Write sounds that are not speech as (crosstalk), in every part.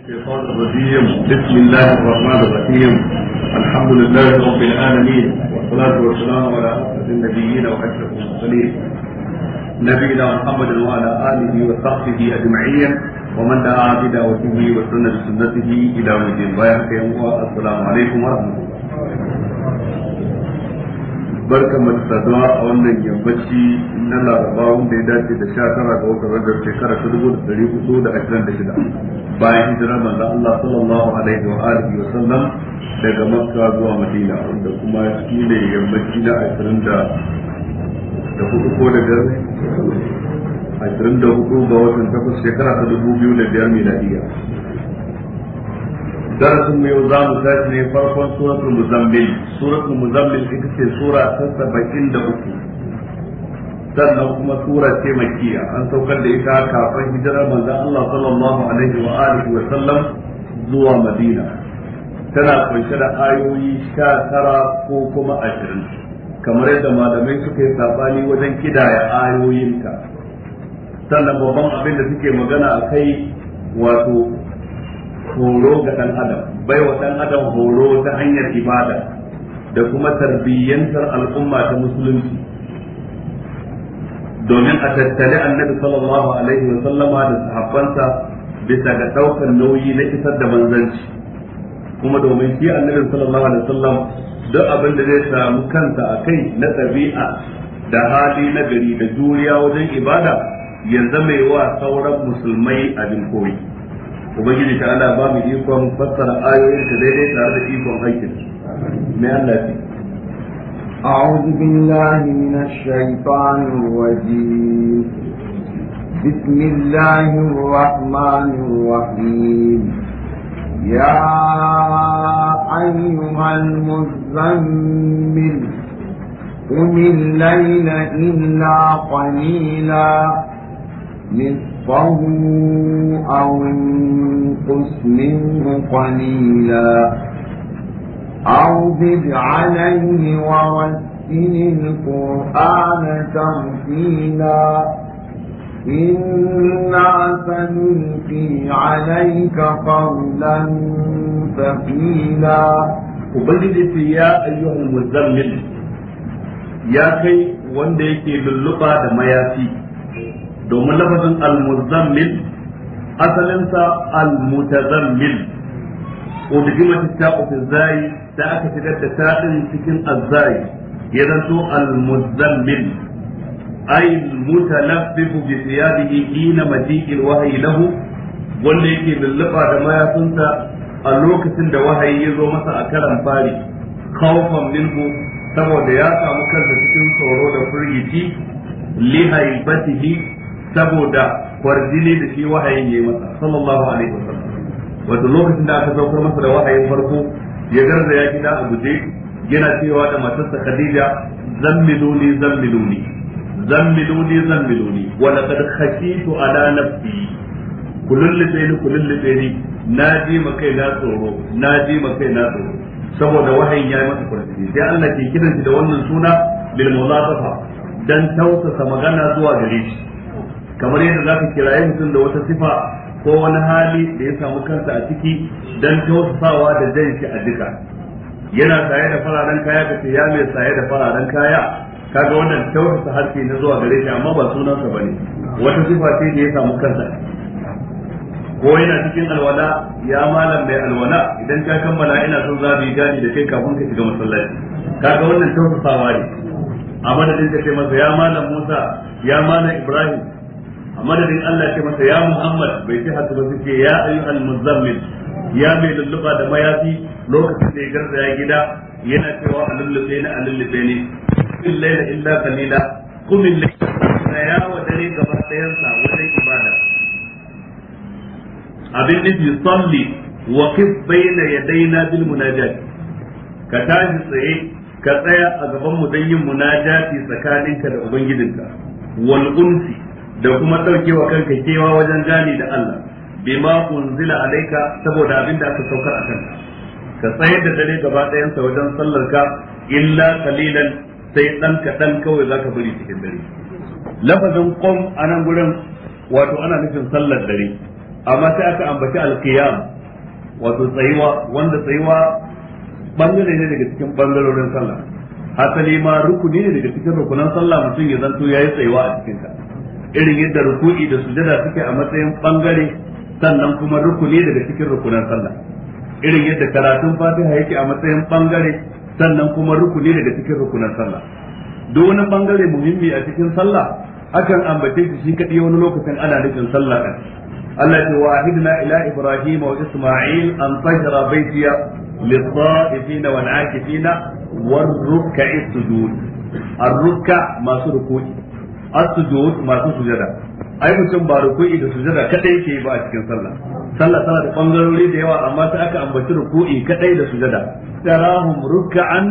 الشيطان الرجيم بسم الله الرحمن الرحيم الحمد لله رب العالمين والصلاة والسلام على أشرف النبيين وأشرف المرسلين نبينا محمد وعلى آله وصحبه أجمعين ومن دعا بدعوته وسن بسنته إلى يوم الدين والسلام عليكم ورحمة الله barka mu da saduwa a wannan yammaci na laraba wanda ya dace da sha tara ga watan rajar shekara ta dubu da ɗari hudu da ashirin da shida bayan hijirar manzon Allah sallallahu alaihi wa alihi wa sallam daga Makka zuwa Madina wanda kuma shi ne yammaci na 20 da da hudu ko da biyar ashirin da hudu ga watan takwas shekara ta dubu biyu da biyar miladiya darasin mu yau za mu tashi ne farkon suratul muzammil suratul muzammil ita ce sura ta saba'in da uku sannan kuma tura ce makiya an saukar da ita kafin hijirar manzon Allah sallallahu alaihi wa alihi wa sallam zuwa Madina tana kunshe da ayoyi 19 ko kuma 20 kamar yadda malamai suka yi sabani wajen kidaya ayoyinta sannan babban abin da suke magana a kai wato horo ga dan adam bai wa dan adam horo ta hanyar ibada da kuma tarbiyyantar al'umma ta musulunci domin a tattali annabi sallallahu alaihi wa sallama da sahabbansa bisa ga daukar nauyi na isar da manzanci kuma domin shi annabi sallallahu alaihi wa sallam duk abin da zai samu kansa a kai na ɗabi'a da hali na gari da juriya wajen ibada yanzu mai wa sauran musulmai abin koyi ubangiji ta ala ba mu ikon fassara ayoyin da daidai tare da ikon aikin mai Allah أعوذ بالله من الشيطان الرجيم بسم الله الرحمن الرحيم يا أيها المزمل قم الليل إلا قليلا نصفه أو انقص منه قليلا أو زد عليه ورتل القرآن ترتيلا إنا سنلقي عليك قولا ثقيلا وبجد يا أيها المزمل يا كي wanda yake lulluɓa da mayafi domin lafazin al-muzammil asalinsa al-mutazammil udgimat ta'u fi da aka shigar da ta'in cikin azzai ya zanto al-muzammil ay mutalaffifu bi thiyabihi hina maji'il wahyi lahu wanda yake lullufa da mayafinsa a lokacin da wahayi ya zo masa a karan fari khawfan minhu saboda ya samu kansa cikin tsoro da firgici li haibatihi saboda kwarjini da shi wahayin ya yi masa sallallahu alaihi wasallam wato lokacin da aka saukar masa da wahayin farko ya garza ya gida a guje yana cewa da matarsa Khadija zammiluni zammiluni zammiluni zammiluni wa laqad khashitu ala nafsi kullulle ni kullulle ni na ji ma kai na tsoro na ji ma kai na tsoro saboda wahayin ya yi masa kurfi sai Allah ke kiran shi da wannan suna bil mulazafa dan tausasa magana zuwa gare shi kamar yadda zaka kiraye mutum da wata sifa ko wani hali da ya samu kansa a ciki don tausasawa da jan shi a duka yana saye da fararen kaya ka ce ya mai saye da fararen kaya kaga wannan tausasa harshe na zuwa gare shi amma ba sunansa ba ne. wata sifa ce da ya samu kansa ko yana cikin alwala ya malam mai alwala idan ka kammala ina son za mu yi gani da kai kafin ka shiga masallaci kaga wannan tausasawa ne a madadin ka ce masa ya malam Musa ya malam Ibrahim a madadin Allah ce masa ya Muhammad bai ce haka ba suke ya ayyuhal muzammil ya mai lulluba da mayafi lokacin da ya ya gida yana cewa a lullube ni a lullube ni in laila illa kalila kumin laila ya wa dare gaba ɗayansa wajen ibada abin nufi salli wa kif bayna yadayna bil munajat ka tashi tsaye ka tsaya a gaban mu don yin munajati tsakaninka da ubangijinka wal unsi da kuma ɗauke wa kanka kewa wajen gani da Allah bima unzila alaika saboda abin da aka saukar a kanka, ka tsayar da dare gaba ɗayan sa wajen sallar ka illa qalilan sai ɗan kaɗan kawai zaka bari cikin dare lafazin qum anan gurin wato ana nufin sallar dare amma sai aka ambaci alqiyam wato tsayuwa wanda tsayuwa bangare ne daga cikin bangarorin sallah asali ma rukuni ne daga cikin rukunan sallah mutum ya zanto yayi tsayuwa a cikin ta irin yadda ruku'i da sujada suke a matsayin bangare sannan kuma rukuni daga cikin rukunan sallah irin yadda karatun fatiha yake a matsayin bangare sannan kuma rukuni daga cikin rukunan sallah duk wani bangare muhimmi a cikin sallah akan ambace shi shi kadai wani lokacin ana nufin sallah kan Allah ya ce wa ahidna ila ibrahim wa isma'il an tahira baytiya للطائفين والعاكفين والركع السجود الركع masu ركوعي as masu sujada ai mutum ba ruku'i da sujada kadai yake ba a cikin sallah sallah tana da bangarori da yawa amma sai aka ambaci ruku'i kadai da sujada tarahum ruk'an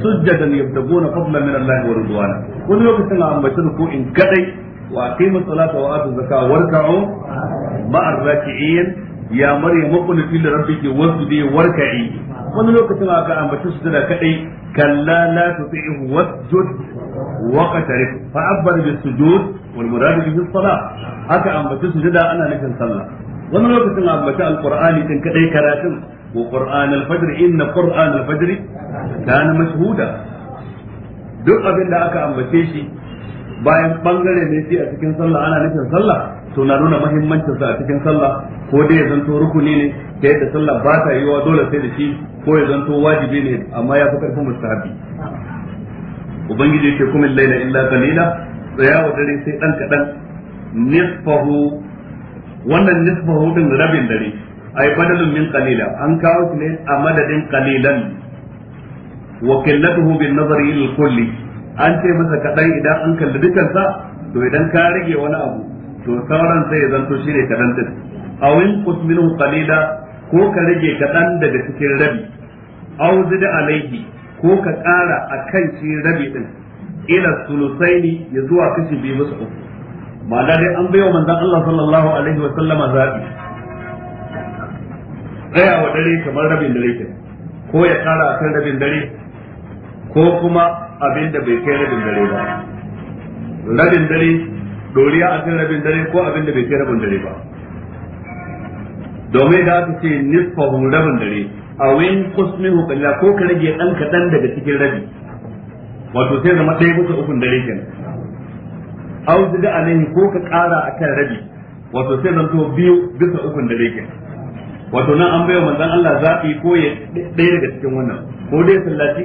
sujadan yabtaguna fadlan min Allah wa ridwana kun lokacin a ambaci ruku'in kadai wa aqimu salata wa atu zakata warka'u ma'a raki'in ya rabbi ke wasu li rabbiki wasjudi yi. wani lokacin aka ambaci sujada kadai kalla la tuti'hu wasjud waqtarif fa abbar bis sujud wal murad bi salah aka ambaci sujada ana nufin sallah wani lokacin ambaci alqur'ani din kadai karatun wa qur'an al-fajr inna qur'an al-fajr kana mashhuda duk abin da aka ambace shi bayan bangare ne sai a cikin sallah ana nufin sallah to na nuna muhimmancin sa a cikin sallah ko dai ya zanto rukuni ne da yadda sallah ba ta yiwa dole sai da shi ko ya zanto wajibi ne amma ya fi karfin mustahabi ubangiji yake kuma laila illa qalila tsaya wa dare sai dan kadan nisfahu wannan nisfahu din rabin dare ay badalun min qalila an kawo shi ne a madadin qalilan wa qillatuhu bin nazari lil kulli an ce masa kadan idan an kalli dukansa to idan ka rage wani abu to sauran sai ya zanto ne kaɗan din aw in qusminu qalila ko ka rage kaɗan daga cikin rabi aw zid alayhi ko ka ƙara a kan shi rabi din ila sulusaini ya zuwa kashi biyu musu uku ma'ana dai an baiwa manzon Allah sallallahu alaihi wa sallama zabi tsaya wa dare kamar rabin dare ke ko ya ƙara a kan rabin dare ko kuma abin da bai kai rabin dare ba rabin dare doriya a cikin rabin dare ko abin da bai kai rabin dare ba domin da aka ce nisfahu rabin dare a wayin kusmihu kalla ko ka rage dan kadan daga cikin rabi wato sai zama ɗaya bisa ukun dare kenan au zida alaihi ko ka ƙara akan rabi wato sai zanto biyu bisa ukun dare kenan wato nan an bai manzon Allah zaɓi ko ya ɗaya daga cikin wannan ko dai sallati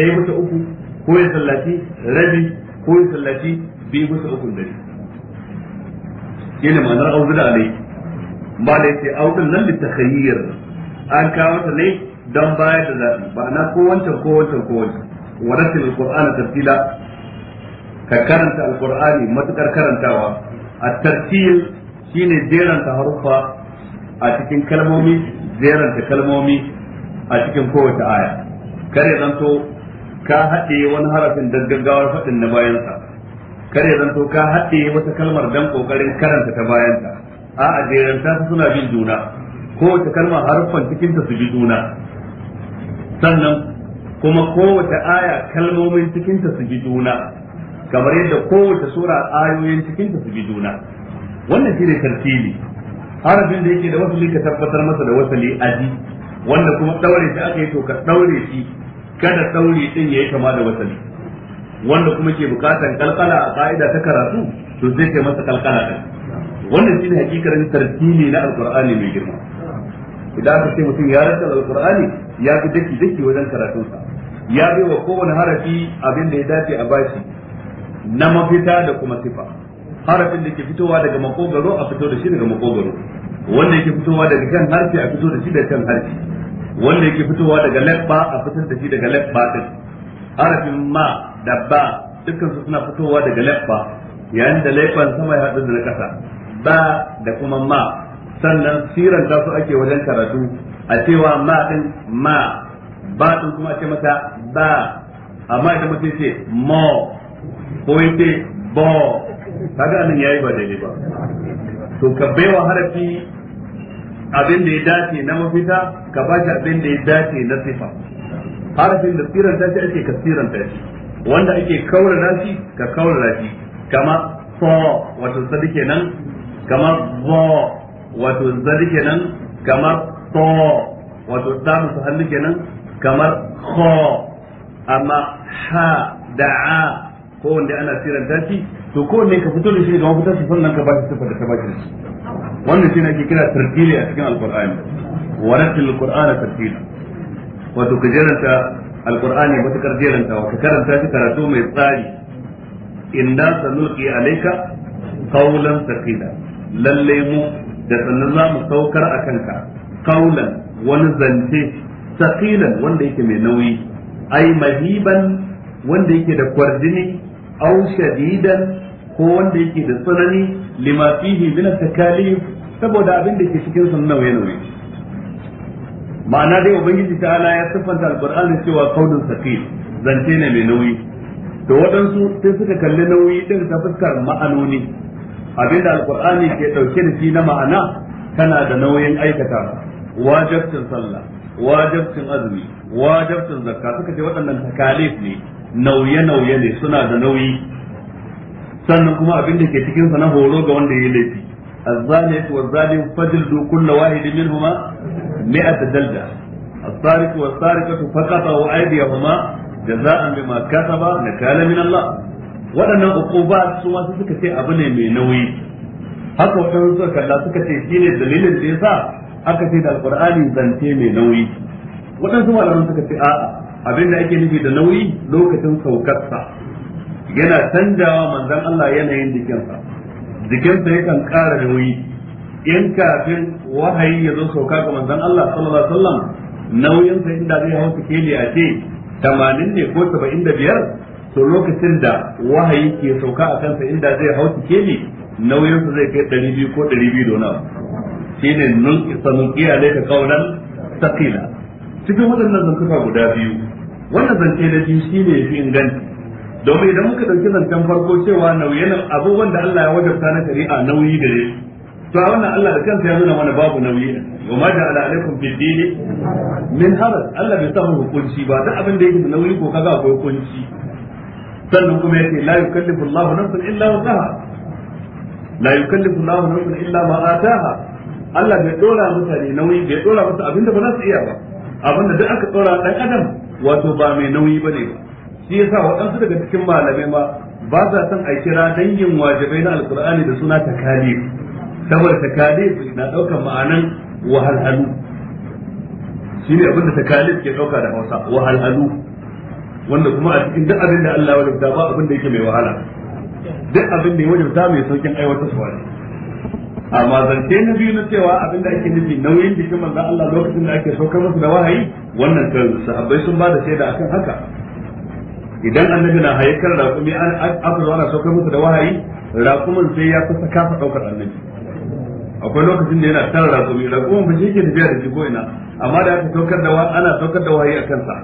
ɗaya bisa uku ko ya sallati rabi ko ya sallati biyu bisa ukun dare yana ma'anar auzu da alai ba da yace auzun nan litakhayyir an kawo ta ne don bayar da zabi ba na ko wancan ko wancan ko wancan wa ratil tartila ka karanta alqur'ani matukar karantawa at-tartil shine jeranta haruffa a cikin kalmomi jeranta kalmomi a cikin kowace aya kare zanto ka haɗe wani harafin da gaggawar faɗin na bayansa kar ya zanto ka haɗe wata kalmar dan kokarin karanta ta bayan ta a a su suna bin juna kowace kalma harfan cikin ta su bi juna sannan kuma kowace aya kalmomin cikin ta su bi juna kamar yadda kowace sura ayoyin cikin ta su bi juna wannan shine tartibi harafin da yake da wasu ka tabbatar masa da wasali aji wanda kuma daure shi aka yi to ka daure shi kada daure din yayi kama da wasali wanda kuma ke bukatan kalkala a ka'ida ta karatu to zai kai masa kalkala din wannan shine hakikarin tartili na alqur'ani mai girma idan aka ce mutum ya rasa alqur'ani ya fi daki daki wajen karatunsa ya bai wa kowane harafi abin da ya dace a bashi na mafita da kuma sifa harafin da ke fitowa daga makogaro a fito da shi daga makogaro wanda yake fitowa daga kan harfi a fito da shi daga kan harfi wanda yake fitowa daga labba a fitar da shi daga labba din harafin ma dabba dukkan su suna fitowa daga leffa yayin da leffan sama ya haɗu da na ƙasa ba da kuma ma sannan siran ta su ake wajen karatu a cewa ma ɗin ma ba ɗin kuma ce mata ba amma idan mutum ce mo ko yace bo kaga anan yayi ba daidai ba to ka baiwa harafi abin da ya dace na mafita ka ba shi abin da ya dace na sifa harafin da siranta ce ake ka siranta ce wanda ake kaura shi ka kaura shi kama so wato zadi kenan kama zo wato zadi kenan kama so wato damu su hannu kenan kamar kho amma ha da'a ko wanda ana siranta shi to ko ne ka fito da shi ga mafitar su sannan ka ba shi sifar da ta ba shi wannan shi ne ake kira tartili a cikin alqur'ani ratil qur'ana tartila wato ka jeranta alqur'ani matukar jerantawa ka karanta shi karatu mai tsari inna sanulqi alayka qawlan thaqila lalle mu da sannan za mu saukar a kanka qawlan wani zance thaqilan wanda yake mai nauyi ai mahiban wanda yake da kwardini aw shadidan ko wanda yake da tsanani limafihi, min takalif saboda abin da ke cikin sunan nauye nauye ma'ana dai ubangiji ta ala ya siffanta alqur'ani cewa kaudin saqil zance ne mai nauyi to waɗansu sai suka kalli nauyi din ta fuskar ma'anoni abinda alqur'ani ke dauke da shi na ma'ana tana da nauyin aikata wajibcin sallah wajibcin azumi wajibcin zakka suka ce waɗannan takalif ne nauye-nauye ne suna da nauyi sannan kuma abin da ke cikin sa na horo ga wanda ya laifi zalim fajl du kullu واحد minhumma مئة جلدة السارق والسارقة فقطعوا أيديهما جزاء بما كسبا نكالا من الله waɗannan uqubat su ma ce abu ne mai nauyi haka waɗannan suka kalla suka ce shine dalilin da yasa aka ce da alqur'ani zance mai nauyi waɗansu malaman suka ce a'a abin da ake nufi da nauyi lokacin saukarsa yana canzawa manzon Allah yanayin jikinsa jikinsa yakan ƙara nauyi in kafin wahayi ya zo sauka ga manzon Allah sallallahu alaihi wasallam nauyin sa inda zai hau su kele a ce 80 ne ko 75 to lokacin da wahayi ke sauka a kansa inda zai hau su kele nauyin sa zai kai 200 ko 200 dona wani shine nun kiya ne ka kaunan saqila cikin zan zantuka guda biyu wannan zance da biyu shine fi inganta, domin idan muka dauki zancen farko cewa nauyin abubuwan da Allah ya wajabta na shari'a nauyi gare shi to a wannan Allah da kansa ya nuna mana babu nauyi wa ma ja'ala alaikum fid din min haraj Allah bai sa mu hukunci ba duk abin da yake da nauyi ko kaga akwai hukunci sannan kuma yace la yukallifu Allahu nafsan illa wusaha la yukallifu Allahu nafsan illa ma ataha Allah bai dora mutane nauyi bai dora musu abin da ba za su iya ba abin da duk aka dora dan adam wato ba mai nauyi bane ba shi yasa waɗansu daga cikin malamai ma ba sa son a kira dangin wajibai na alkur'ani da suna takalif saboda takalif na daukan ma'anan wahalhalu shi ne abinda takalif ke dauka da hausa wahalhalu wanda kuma a cikin duk abin da Allah ya rubuta ba abin da yake mai wahala duk abin da ya wajabta mai saukin aiwatarwa ne amma zance na biyu na cewa abin da ake nufi nauyin jikin manzon Allah lokacin da ake saukar musu da wahayi wannan kan sahabbai sun ba da shaida akan haka idan annabi na haye kan raƙumi an aka zo ana saukar musu da wahayi raƙumin sai ya kusa kafa ɗaukar annabi akwai lokacin da yana tara raƙumi raƙumin ba shi yake tafiya da shi ko ina amma da aka saukar da ana saukar da wahayi a kansa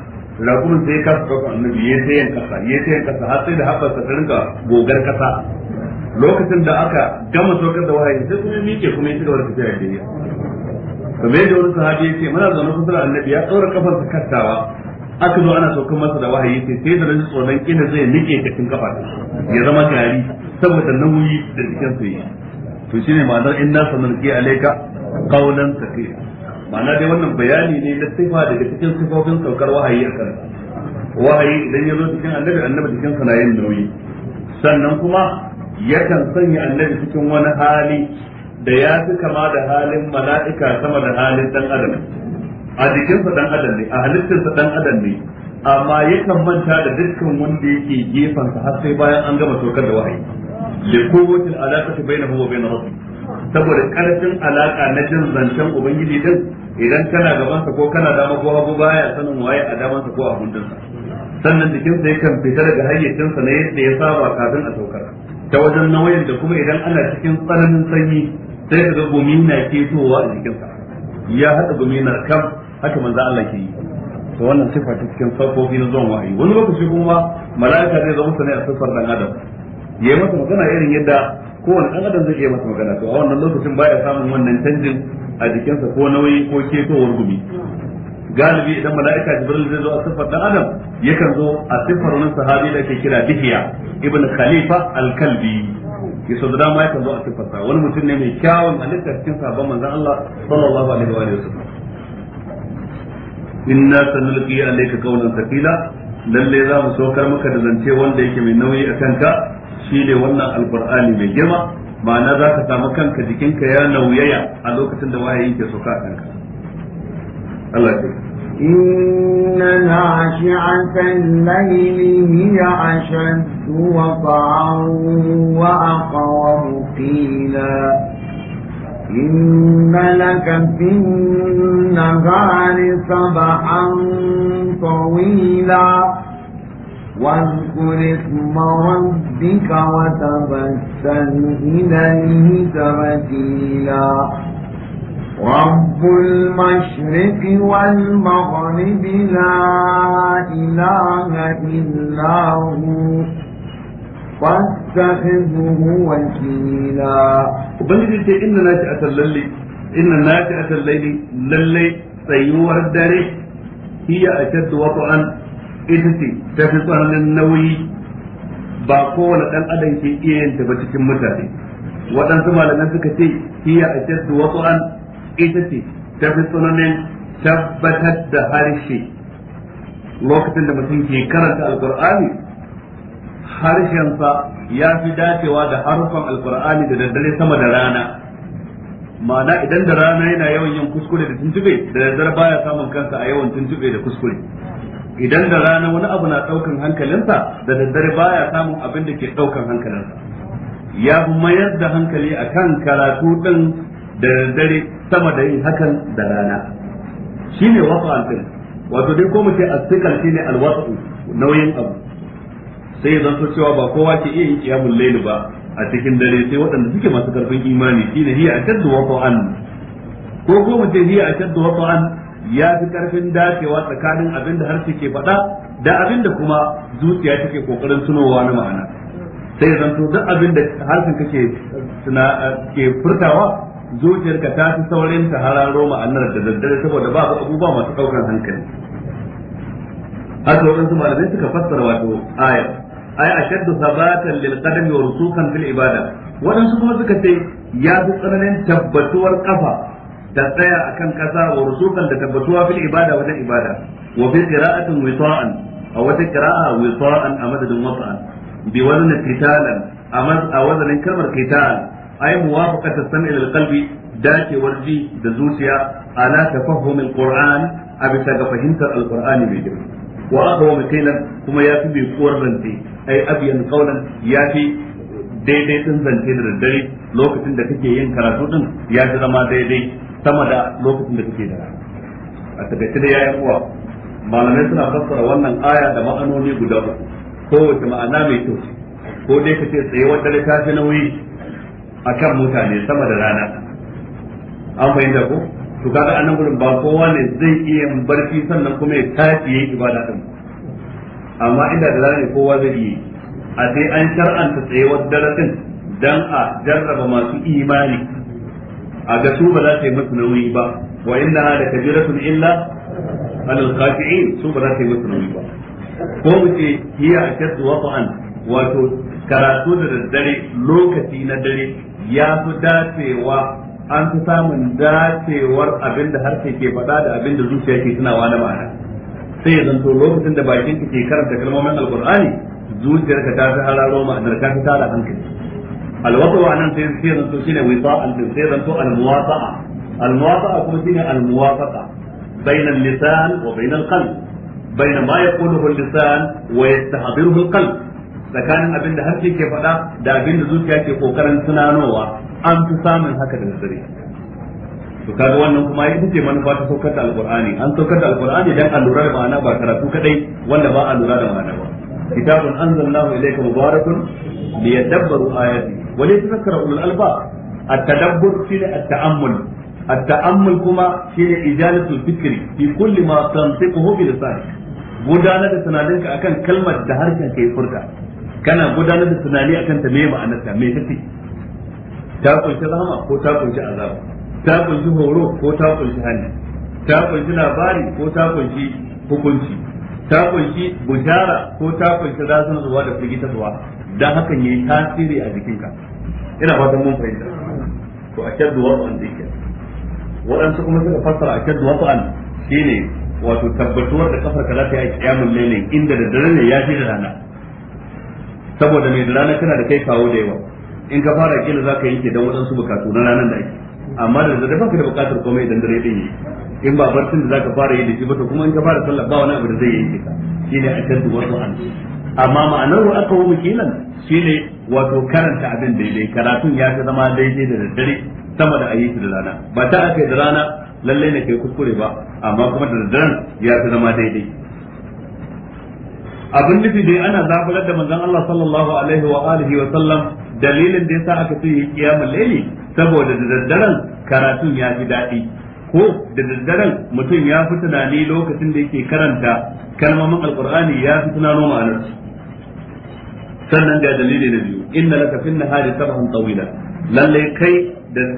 raƙumin sai ya kasa ɗaukar annabi ya ta yin kasa ya ta yin kasa har sai da haɓarsa ta rinka gogar kasa. lokacin da aka gama saukar da wahayi sai kuma ya miƙe kuma ya ci gaba da tafiya da ya kamar yadda wani sahabi ya ce muna zaune kusa da annabi ya ɗaura kafarsa kattawa aka zo ana saukan masa da wahayi sai sai da rajin tsoron kila zai nike cikin kafa ya zama gari saboda nauyi da jikin su yi to shine ma'anar inna sanulqi alayka qawlan thaqila ma'ana dai wannan bayani ne na sifa daga cikin sifofin saukar wahayi a kan wahayi idan ya zo cikin annabi annabi cikin sanayin nauyi sannan kuma yakan sanya annabi cikin wani hali da ya fi kama da halin mala'ika sama da halin dan adam a jikinsa dan adam ne a halittarsa dan adam ne amma yakan manta da dukkan wanda yake gefansa har sai bayan an gama saukar da wahayi li quwwatil alaqati bainahu wa bain rabbih saboda karfin alaka na jin zancen ubangiji din idan kana gaban sa ko kana dama ko abu baya sanin waye a daman sa ko a hundun sa sannan jikin sa yakan fita daga hayyacin sa ne yadda ya saba kafin a saukar ta wajen nauyin da kuma idan ana cikin tsananin sanyi sai ka ga gumi na ketowa a jikin sa ya hada gumi na kam haka manzo Allah ke yi to wannan sifa ta cikin safofi na zuwan wahayi wani lokaci kuma mala'ika zai zama sanai a sifar dan adam ya yi masa magana irin yadda kowane ɗan adam zai iya masa magana to a wannan lokacin baya samun wannan canjin a jikinsa ko nauyi ko ketowar gumi galibi idan mala'ika jibril zai zo a siffar ɗan adam yakan zo a siffar wani sahabi da ke kira dihiya ibn khalifa al-kalbi so da dama yakan zo a siffar sa wani mutum ne mai kyawun halitta cikin sabon manzon Allah sallallahu alaihi wa sallam inna sanulqi alayka qawlan thaqila lalle za mu saukar maka da zance wanda yake mai nauyi a kanka ne wannan alkur'ani mai girma ma'ana za ka samu kanka jikinka ya nauyaya a lokacin da wayayin ke soka a kanka Allah ya إن ناشعة الليل هي أشد وطعا وأقوم قيلا إن لك في النهار سبحا طويلا واذكر اسم ربك وتبسل إليه تبتيلا رب المشرق والمغرب لا إله إلا هو فاتخذه وكيلا وبنجد إن ناجأة الليل إن ناجأة الليل للي سيور الدري هي أشد وطئا ita ce ta fi tsananin nauyi ba kowane ɗan adam ke iya yin ta ba cikin mutane waɗansu malaman suka ce hiya a cikin wasu an ita ce ta fi tsananin tabbatar da harshe lokacin da mutum ke karanta alkur'ani harshensa ya fi dacewa da harfan alkur'ani da daddare sama da rana ma'ana idan da rana yana yawan yin kuskure da tuntube da daddare baya samun kansa a yawan tuntube da kuskure idan da rana wani abu na daukan hankalinsa da daddare baya samun abin da ke daukan hankalinsa ya mayar da hankali akan karatu din da daddare sama da yin hakan da rana shine wasu din wato dai ko muke asikal shine alwasu nauyin abu sai ya zanto cewa ba kowa ke iya yin kiyamul layl ba a cikin dare sai waɗanda suke masu karfin imani shine hiya ashaddu an. ko ko ce hiya ashaddu an. ya fi karfin dacewa tsakanin abin da harshe ke faɗa da abin da kuma zuciya take kokarin tunowa na ma'ana sai zanto duk abin da harshen kake ke furtawa zuciyarka ta fi saurin ta hararo ma'anar da daddare saboda babu abubuwa masu ɗaukar hankali haka waɗansu malamai suka fassara wato aya ai ashaddu sabatan lil qadami wa rusukan fil ibada waɗansu kuma suka ce ya fi tsananin tabbatuwar kafa ta tsaya akan kasa wa rusukan da tabbatuwa fil ibada wajen ibada wa fi qira'atin wisa'an a wata qira'a wisa'an a madadin wasa'an bi wazn qitalan a wazanin kalmar qital ay muwafaqat as-sam'i lil qalbi dacewar ji da zuciya ala tafahum al-qur'an a bisa ga fahimtar al-qur'ani mai girma wa aqwa mutilan kuma yafi bi kuwar rance ay abyan qawlan yafi daidai din zance da daddare lokacin da kake yin karatu din ya ji zama daidai sama da lokacin da kake da rana a takaice da yayin uwa malamai suna fassara wannan aya da ma'anoni guda uku kowace ma'ana mai kyau ko dai ka ce tsayuwar dare ta fi nauyi a kan mutane sama da rana an fahimta ko to kaga anan gurin ba kowa ne zai iya yin barci sannan kuma ya tafi yayin ibada din amma inda da rana kowa zai iya a sai an shar'anta tsayewar darasin dan a jarraba masu imani a ga su ba za ta yi musu nauyi ba wa inna ha da kabiratun illa alal khashi'in su ba za ta yi musu nauyi ba ko mu ce hiya ashaddu wafa'an wato karatu da daddare lokaci na dare ya fi dacewa an fi samun dacewar abin da harshe ke faɗa da abin da zuciya ke tunawa na ma'ana sai ya zanto lokacin da bakin ke karanta kalmomin alkur'ani zuciyarka ta fi hararo ma'anar ka fi tara hankali alwata wa nan sai sai zanto shine wita al sai zanto almuwafaqa almuwafaqa kuma shine almuwafaqa bayna al-lisan wa bayna al-qalb bayna ma yaquluhu al-lisan wa yastahdiruhu al-qalb tsakanin abin da harshe ke faɗa da abin da zuciya ke kokarin tunanowa an fi samun haka da nazari to kaga wannan kuma ita ce manufa ta saukar da alqur'ani an saukar da alqur'ani dan a lura da ma'ana ba karatu kadai wanda ba a lura da ma'ana ba kitabun anzalnahu ilayka mubarakun liyadabbaru ayati wa liyatadhakkara ulul albab at-tadabbur shine at-ta'ammul at-ta'ammul kuma shine ijalatul fikri fi kulli gudanar da ka akan kalmar da harshen kai furta kana gudanar da tunani akan ta me ma'anarta me take ta kunshi rahama ko ta kunshi azaba ta kunshi horo ko ta kunshi hannu ta kunshi labari ko ta kunshi hukunci ta kunshi bujara ko ta kunshi razan zuwa da firgita zuwa dan hakan yi tasiri a jikinka ina fatan mun fahimta to a an zai zikir waɗansu kuma suka fassara a shaddu shi shine wato tabbatuwar da kafar za ta yi a kiyamun lailin inda da dare ne ya fi da rana saboda mai da rana tana da kai kawo da yawa in ka fara kila za ka yanke don waɗansu bukatu na ranar da ake amma da dare dafa ka da bukatar komai idan dare ɗin yi in ba barcin da zaka fara yi da shi ba to kuma in ka fara sallah ba wani abu da zai yi ka shine a tantu wasu an amma ma'anar wa aka wuce shi shine wato karanta abin daidai karatun ya ta zama daidai da daddare sama da ayyuka da rana ba ta aka da rana lalle ne kai kuskure ba amma kuma da daddaren ya ta zama daidai abin nufi dai ana zabular da manzon Allah sallallahu alaihi wa alihi wa sallam dalilin da yasa aka ce kiyamul layli saboda da daddaren karatun ya fi daɗi ko da daddaren mutum ya fi tunani lokacin da yake karanta kalmomin alkur'ani ya fi tunano ma'anarsu sannan ga dalili na biyu inna laka fi nahari sabahan tawila lalle kai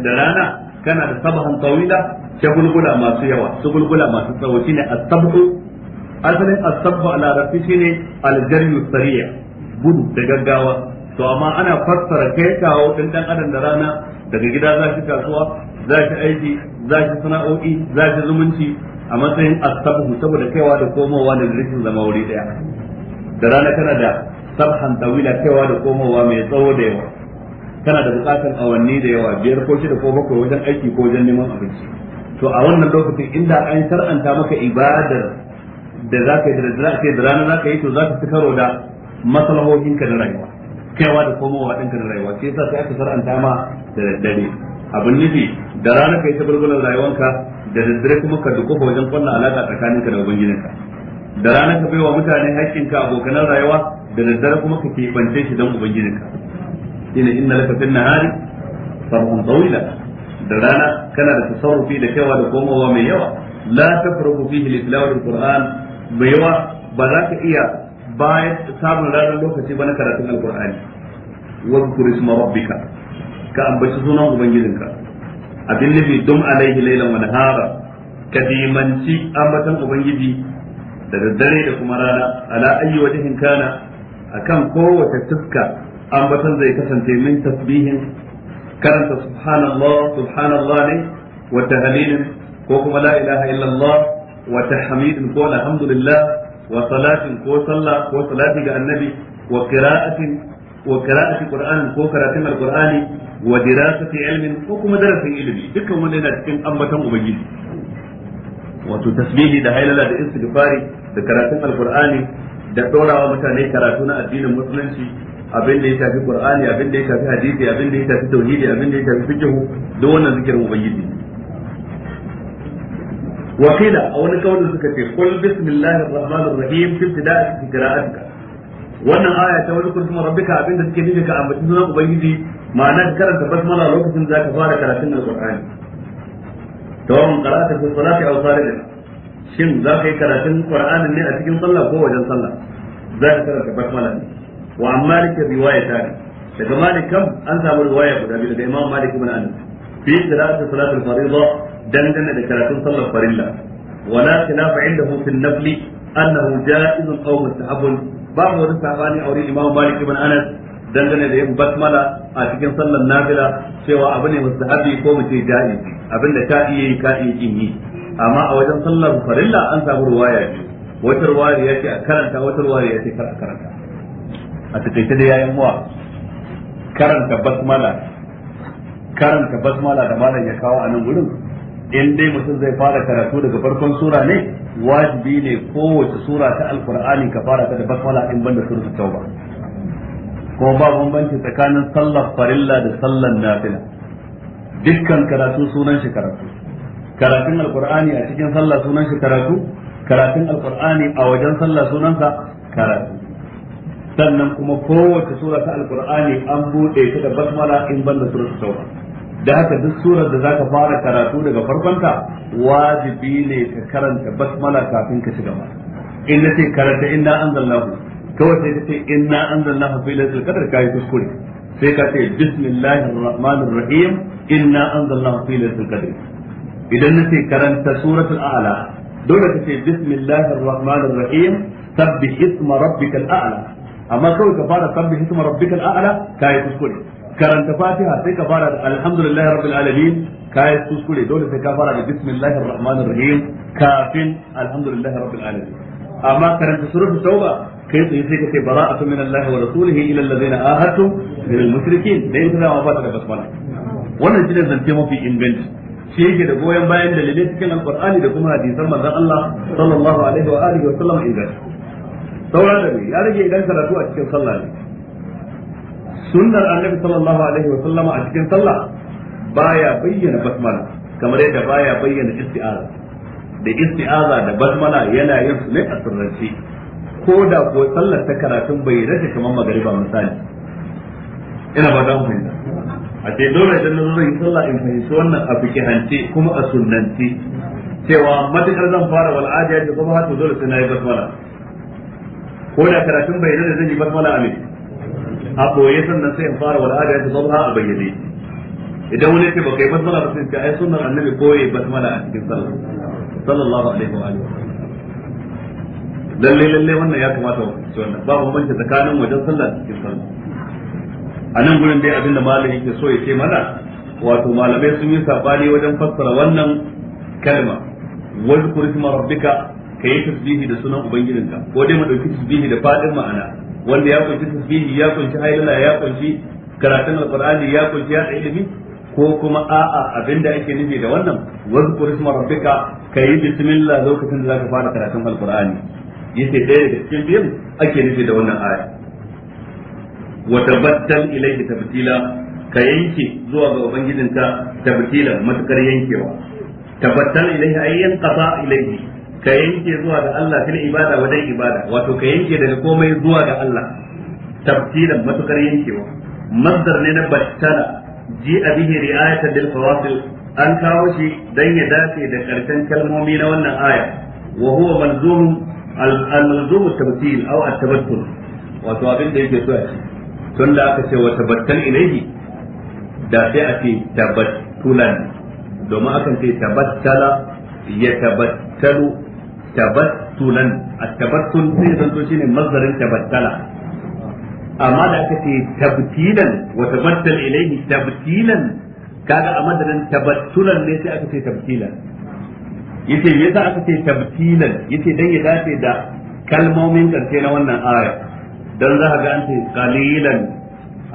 da rana kana da sabahan tawila ta gulgula masu yawa su gulgula masu tsawo shine as asalin as-sabhu ala rafi shine al sariya gudu da gaggawa to amma ana fassara kai kawo din dan adam da rana daga gida za kasuwa za shi aiki za shi sana'o'i za shi zumunci a matsayin asabu saboda kaiwa da komowa da rikin zama wuri daya da rana kana da sabhan tawila kaiwa da komowa mai tsawo da yawa kana da bukatan awanni da yawa biyar ko shida ko bakwai wajen aiki ko wajen neman abinci to a wannan lokacin inda an tar'anta maka ibadar da za ka yi da da yi rana za ka yi to za ka fi karo da maslahohinka na rayuwa kaiwa da komowa ɗinka na rayuwa sai yasa sai aka tar'anta ma da daddare abin nufi da rana kai ta bulbulan rayuwanka da daddare kuma ka dukufa wajen kwallon alaka tsakaninka da ubangijinka da rana ka baiwa mutane ka abokanan rayuwa da daddare kuma ka bance shi don ubangijinka ina inna laka fil nahari farhun tawila da rana kana da tasarrufi da kaiwa da komowa mai yawa la tafruqu fihi li filawar alquran mai yawa ba za ka iya bayan samun ranar lokaci ba na karatun alqur'ani wa dhkur rabbika ka ambaci sunan ubangijinka abin nufi dum alaihi lailan wa nahara ka dimanci ambatan ubangiji da daddare da kuma rana ala ayyi wajhin kana akan kowace tuska ambatan zai kasance min tasbihin karanta subhanallah subhanallah ne wa tahlilin ko kuma la ilaha illallah wa tahmidin ko alhamdulillah wa salatin ko sallah ko salati ga annabi wa qira'atin ko qira'ati qur'an ko karatun alqur'ani wa dirasati ilmin ko kuma darasin ilimi dukkan wanda yana cikin ambaton ubangiji wato tasbihi da hailala da istighfari da karatun alqur'ani da dorawa mutane karatu na addinin musulunci abin da ya tafi qur'ani abin da ya tafi hadisi abin da ya tafi tauhidi abin da ya tafi fiqh duk wannan zikirin ubangiji wakila a wani kawai suka ce kul bismillahir rahmanir rahim fi ibtida'ati qira'atika wannan aya ta wani kurkuma rabbika abinda suke nufi ka ambaci sunan ubangiji ma'ana ka karanta basmala lokacin da ka fara karatun alqur'ani tawon qara'ata fi salati aw sarida shin za ka yi karatun Al-Qur'an ne a cikin sallah ko wajen sallah za ka karanta basmala ne wa amma lika riwaya ta daga malik kam an samu riwaya guda biyu daga imam malik ibn anas fi qira'ati salati al-fariḍa dangane da karatun sallar farilla wala khilafa indahu fi an-nafli annahu ja'izun aw mustahabun ba mu wani sabani a wurin Imam Malik ibn Anas dangane da yin basmala a cikin sallar nafila cewa abu ne mustahabi ko mu ce ja'i abin da ka iya yi ka iya yi amma a wajen sallar farilla an samu ruwaya ne wata ruwaya ya ce a karanta wata ruwaya ya ce kar a karanta a takaice da yayin muwa karanta basmala karanta basmala da malam ya kawo a nan gurin in dai mutum zai fara karatu daga farkon sura ne wajibi ne kowace sura ta alkur'ani ka fara ta da basmala in banda suratul tauba ko ba bambanci tsakanin sallar farilla da sallar nafila dukkan karatu sunan shi karatu karatun alkur'ani a cikin sallah sunan shi karatu karatun alkur'ani a wajen sallah sunansa karatu sannan kuma kowace sura ta alkur'ani an bude ta da basmala in banda suratul tauba da haka duk surar da zaka fara karatu daga farkonta wajibi ne ka karanta basmala kafin ka shiga ba. in ce karanta inna anzalnahu kawai sai kace inna anzalnahu fi lailatul qadr kai kuskure sai ka ce bismillahir rahmanir rahim inna anzalnahu fi lailatul qadr idan na ce karanta suratul a'la dole ka ce bismillahir rahmanir rahim sabbih isma rabbikal a'la amma kawai ka fara sabbih isma rabbikal a'la kai kuskure karanta fatiha sai ka fara da alhamdulillahi rabbil alamin kai kuskure dole sai ka fara da bismillahir rahmanir rahim kafin alhamdulillahi rabbil alamin amma karanta suratul tauba kai tsaye sai ka ce bara'atu min Allah wa rasulihi ila allazina ahadtu min al-mushrikeen dai ita dama ba ta da basmala wannan shine zance mafi inganci shi yake da goyon bayan dalilai cikin alqur'ani da kuma hadisan manzon Allah sallallahu alaihi wa alihi wa sallam idan saura da ya rage idan karatu a cikin sallah ne sunnar annabi sallallahu alaihi wa sallama a cikin sallah baya bayyana basmala kamar yadda baya bayyana isti'aza da isti'aza da basmala yana yin su ne a sirrance ko da ko sallar ta karatun bai rage kamar magariba misali ina ba dan fahimta a ce dole da na zai sallah in fahimci wannan a fikihance kuma a sunnanci cewa matukar zan fara wal adiya ce kuma hatu dole sai na yi basmala ko da karatun bai rage zan yi basmala a a boye sannan sai in fara wal ada ta zama a bayyane idan wani ce baka yi basmala ba sai ce ai sunnar annabi koyi basmala a cikin sallah sallallahu alaihi wa alihi lalle lalle wannan ya kamata wa fahimci wannan ba bambanci tsakanin wajen sallah cikin sallah a nan gurin dai abinda malami yake so ya ce mana wato malamai sun yi sabani wajen fassara wannan kalma wazkur isma rabbika kayi tasbihi da sunan ubangijinka ko dai mu dauki tasbihi da fadin ma'ana wanda ya kunshi tasbihi ya kunshi hailala ya kunshi karatun alqur'ani ya kunshi ya ilimi ko kuma a'a abinda ake nufi da wannan wazkur isma rabbika kayi bismillah lokacin da zaka fara karatun alqur'ani yace ɗaya da cikin biyan ake nufi da wannan aya wa tabattal ilayhi tabtila ka yanke zuwa ga ubangijinka tabtila matukar yankewa tabattal ilayhi ayyan qata ilayhi ka yanke zuwa ga Allah fil ibada wa dai ibada wato ka yanke daga komai zuwa ga Allah tafsiran matukar yankewa masdar ne na battala ji abihi ri'ayatan lil fawasil an kawo shi dan ya dace da karshen kalmomi na wannan aya wa huwa malzum al-malzum at-tamthil aw at-tabattul wato abin da yake so a tun da aka ce wa tabattal ilayhi da sai a ce tabattulan domin akan ce tabattala ya tabattalu tabattulan at-tabattul sai zanto shine mazdarin tabattala amma da aka ce tabtilan wa tabattal ilayhi tabtilan kaga a madadin tabattulan ne sai aka ce tabtilan yace me yasa aka ce tabtilan yace dan ya dace da kalmomin karshe na wannan aya dan za ga an ce qalilan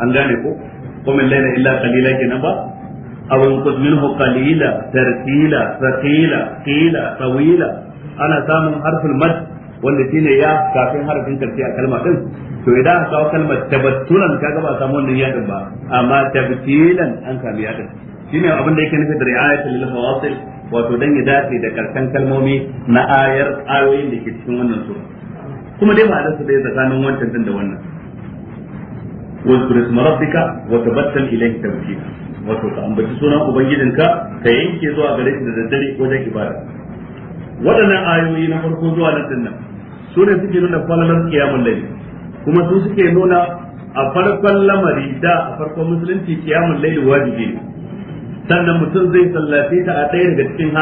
an gane ko kuma laila illa qalila kenan ba aw yanqus minhu qalila tartila thaqila qila tawila ana samun harfin mad wanda shine ya kafin harfin karshe a kalmar din to idan aka kawo kalmar tabattulan kaga ba samu wannan yadin ba amma tabtilan an sami din shine abin da yake nufi da ri'ayat lil fawasil wato dan ya dace da karkan kalmomi na ayar ayoyin da ke cikin wannan sura kuma dai ba da su da tsakanin wancan din da wannan واذكر اسم wa tabattal ilayhi tabtila wato ka ambaci sunan ubangijinka ka yanke zuwa gare shi da daddare ko da ibada waɗannan ayoyi na farko zuwa na sunna su ne suke nuna falalar kiyamun laili kuma su suke nuna a farkon lamari da a farkon musulunci kiyamun laifi wajibi ne sannan mutum zai sallafe ta a ɗaya daga cikin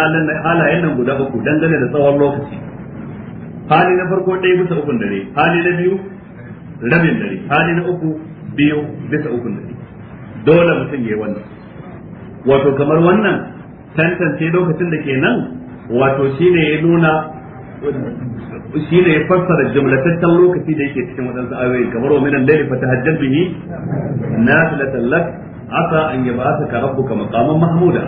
halayen nan guda uku dangane da tsawon lokaci hali na farko ɗaya bisa ukun dare hali na biyu rabin dare hali na uku biyu bisa ukun dare dole mutum ya yi wannan wato kamar wannan tantance lokacin da ke nan wato shine ya nuna shine ya fassara jumlataccen lokaci da yake cikin wadansu ayoyi kamar wa minan layli fatahajjal bihi nafilatan lak asa an yab'athaka rabbuka maqaman mahmuda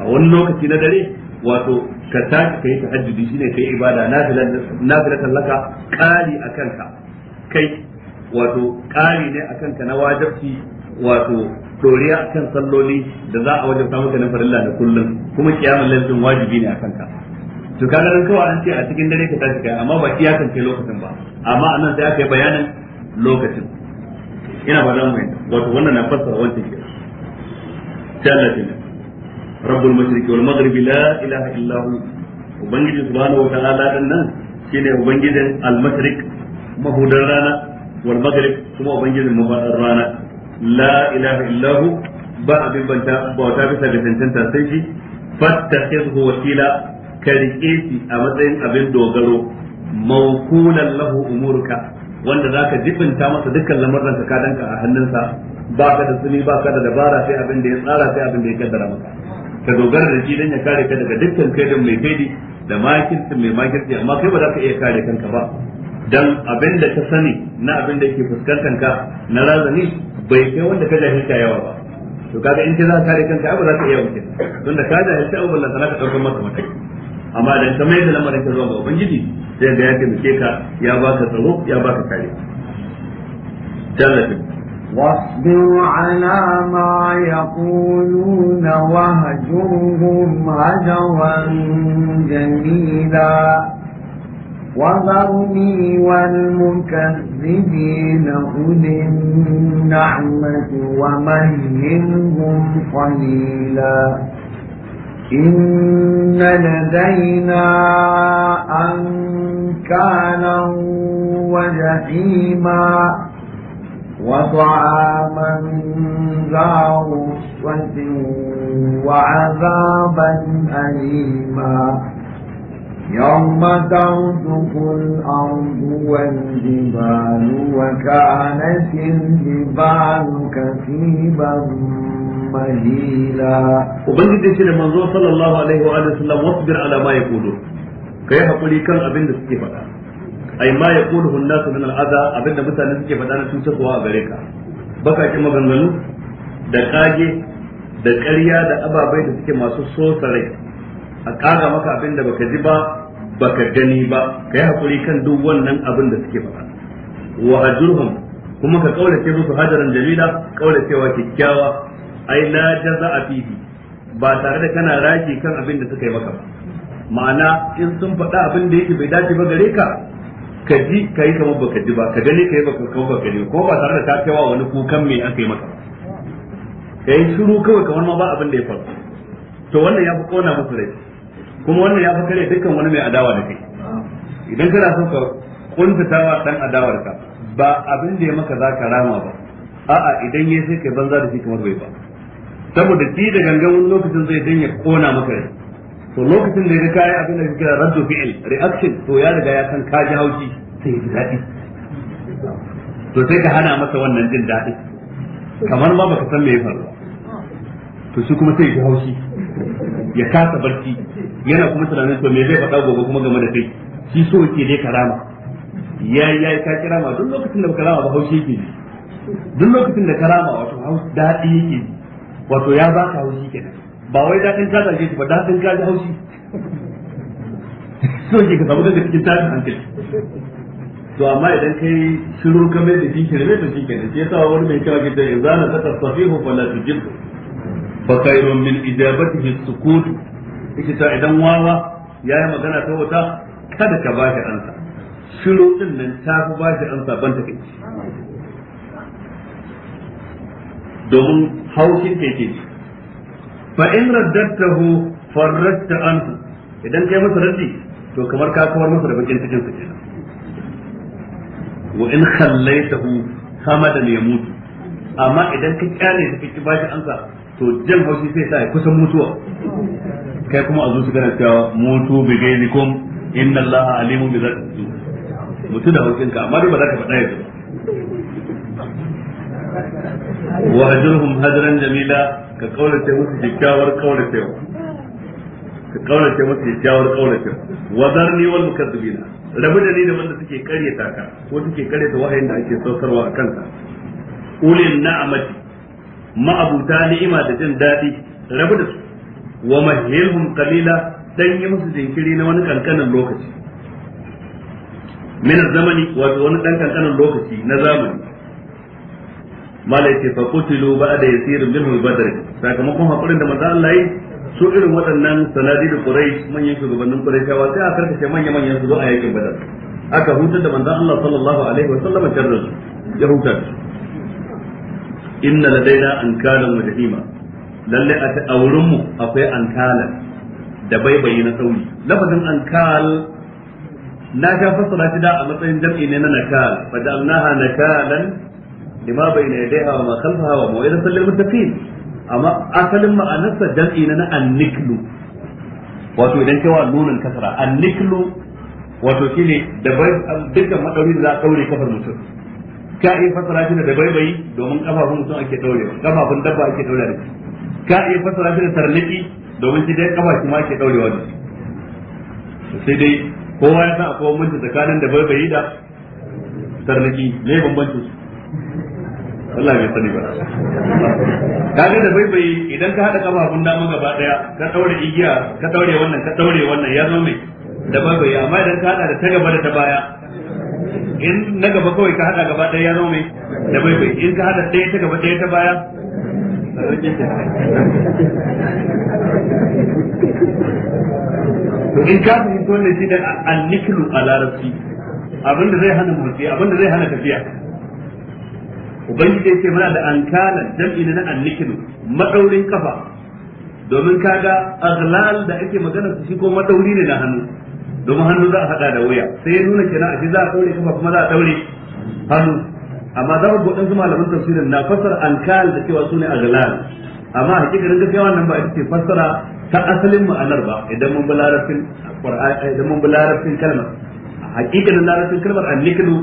a wani lokaci na dare wato ka tashi kai tahajjudi shine kai ibada nafilatan laka kali akan ka kai wato kali ne akan ka na wajibci wato doriya kan salloli da za a wajabta maka farilla da kullum kuma kiyamul lailin wajibi ne akan ka to kaga nan kawai an ce a cikin dare ka tashi kai amma ba kiyakan kai lokacin ba amma anan sai aka yi bayanin lokacin ina ba dan mai wato wannan na fassara wancan ke tallatin rabbul mashriqi wal maghribi la ilaha illa hu ubangiji subhanahu wa ta'ala dan nan shine ubangijin al mashriq mahudar rana wal maghrib kuma ubangijin mahudar rana la ilaha illahu ba abin banta wata bisa ga tantanta sai shi fattakhidhu wakila ka rike shi a matsayin abin dogaro mawkulan lahu umurka wanda zaka jibinta masa dukkan lamarin ka danka a hannunsa ba ka da suni ba ka da dabara sai abin da ya tsara sai abin da ya kaddara maka ka dogara da shi dan ya kare ka daga dukkan kaidan mai kaidi da makirci mai makirci amma kai ba za ka iya kare kanka ba dan abin da ka sani na abin da yake fuskantar ka na razani bai kai wanda ka jahilta yawa ba to kaga in ka za ka kare kanka abu za ka iya wuce don da ka jahilta abu ballan sana ka ɗaukar masa mataki amma dan kamar yadda lamarin ka zuwa ga ubangiji sai da ya taimake ka ya baka tsaro ya baka kare tallafi واصبر على ما يقولون واهجرهم هجرا جميلا وذرني والمكذبين أولي النعمة ومهلهم قليلا إن لدينا أنكالا وجحيما وطعاما ذا غصة وعذابا أليما يوم ترجف الأرض والجبال وكانت الجبال كثيبا مهيلا وبنجد يسير المنظور صلى الله عليه وآله وسلم واصبر على ما يقولون كي يقولي كان أبن السكيبة أي ما يقوله الناس من الأذى أبن مثلا نسكيبة أنا تنسكوا أغريكا بكا كما بنغنو دقاجي دقاليا دقابا بيت السكيبة da suke masu so rai a ƙara maka abin baka ji ba baka gani ba ka yi hakuri kan duk wannan abin da suke faɗa wa ajurhum kuma ka kaulace musu hajaran jamila kaulacewa kikkiawa ai la jaza'a fihi ba tare da kana raki kan abin da suka yi maka ba ma'ana in sun faɗa abin da yake bai dace ba gare ka ka ji ka yi kamar baka ji ba ka gani ka yi baka kamar baka ji ko ba tare da ta kaiwa wani kukan me aka yi maka ka yi shiru kawai kamar ma ba abin da ya faru to wannan ya fi kona musu rai kuma wannan ya fi kare dukkan wani mai adawa da kai idan kana son ka kuntatawa dan adawar ka ba abin da ya maka za ka rama ba a'a idan ya sai kai banza da shi kamar bai ba saboda shi da gangan lokacin zai danya kona maka rai to lokacin da ya ga kayan abin da kira raddu fi'il reaction to ya riga ya san ka ji haushi sai ya ji daɗi to sai ka hana masa wannan jin daɗi kamar ma baka san me ya faru to shi kuma sai ya ji haushi ya kasa barci yana kuma tunanin to me zai faɗa gobe kuma game da kai shi so yake dai karama ya ya ka kirama duk lokacin da karama ba haushi yake ji duk lokacin da karama wato haushi daɗi yake ji wato ya ba ka haushi kenan ba wai daɗin ka zage shi ba daɗin ka ji haushi (laughs) so yake ka samu daga cikin tashin hankali to amma idan kai shiru ka mai da jikin ne da jikin ne sai sa wani mai kira gidan izana ta tasfihu fala tujib fa khairun min ijabatihi sukutu yake ta idan wawa ya yi magana ta wata kada ka ba shi ansa shiru din nan ta fi ba shi ansa ban ta kai domin haushin ke ke fa in raddatahu farratta anhu idan kai masa raddi to kamar ka kawar masa da bakin cikin sa wa in khallaitahu ya mutu amma idan ka kyale shi ki shi ansa to jan haushi sai sai kusan mutuwa kai kuma a zuci kana cewa mutu bi gaizikum inna allaha alimun bi zati sudur mutu da hukunka amma dai ba za ka faɗa yanzu wa hajruhum hajran jamila ka kaurace musu kyakkyawar kauracewa ka kaurace musu kyakkyawar kauracewa wa zarni wal mukazzibina rabu da ni da wanda suke karyata ka ko suke karyata wahayin da ake saukarwa a kanka ulil na'amati ma'abuta ni'ima da jin daɗi rabu da su wa mahilhum qalila dan yi musu jinkiri na wani kankanin lokaci min zamani wato wani dan kankanin lokaci na zamani malai ce fa qutilu ba'da yasirin minhum badr sakamakon hakurin da manzo Allah yi su irin waɗannan sanadi da quraish manyan shugabannin quraishawa sai a karkace manya manyan su zo a yakin badar aka huta da manzo Allah sallallahu alaihi wa sallam sharrin ya hutar inna ladaina ankalan wa jahima lalle a wurin mu akwai ankalan da bai baibayi na tsauri lafazin ankal na ga fassara shi da a matsayin jam'i ne na nakal fa ja'alnaha nakalan lima bayna yadayha wa ma khalfaha wa mawidatan lil muttaqin amma asalin ma'anarsa jam'i na anniklu wato idan kai wa nunin kasara anniklu wato shine da dukkan madaurin za a daure kafar mutum ka yi fassara shi da bai-bai domin kafafun mutum ake daurewa kafafun dabba ake daure da ka iya fasara shi da tarniki domin shi dai kafa shi ma ke daurewa da shi sai dai kowa ya san akwai bambanci tsakanin da bai barbayi da tarniki me bambanci Allah bai sani ba Ka ga da bai baibayi idan ka hada kafafun dama gaba daya ka daure igiya ka daure wannan ka daure wannan ya zo mai da bai amma idan ka hada da ta gaba da ta baya in na gaba kawai ka hada gaba daya ya zo mai da bai in ka hada daya ta gaba daya ta baya to in ka fahimci wannan shi ne anniklu a larabci abinda zai hana motsi abinda zai hana tafiya ubangiji ce mana da kana jam'i na anniklu madaurin kafa domin kaga aghlal da ake magana su shi ko madauri ne na hannu domin hannu za a hada da wuya sai ya nuna kenan a shi za a daure kafa kuma za a daure hannu amma za ku waɗansu malaman tafsirin na fassara alkal da cewa sune aghlal amma hakikarin gaskiya wannan ba ita ce fassara ta asalin ma'anar ba idan mun bi larabcin idan mun bi larabcin kalmar hakikarin larabcin kalmar anniklu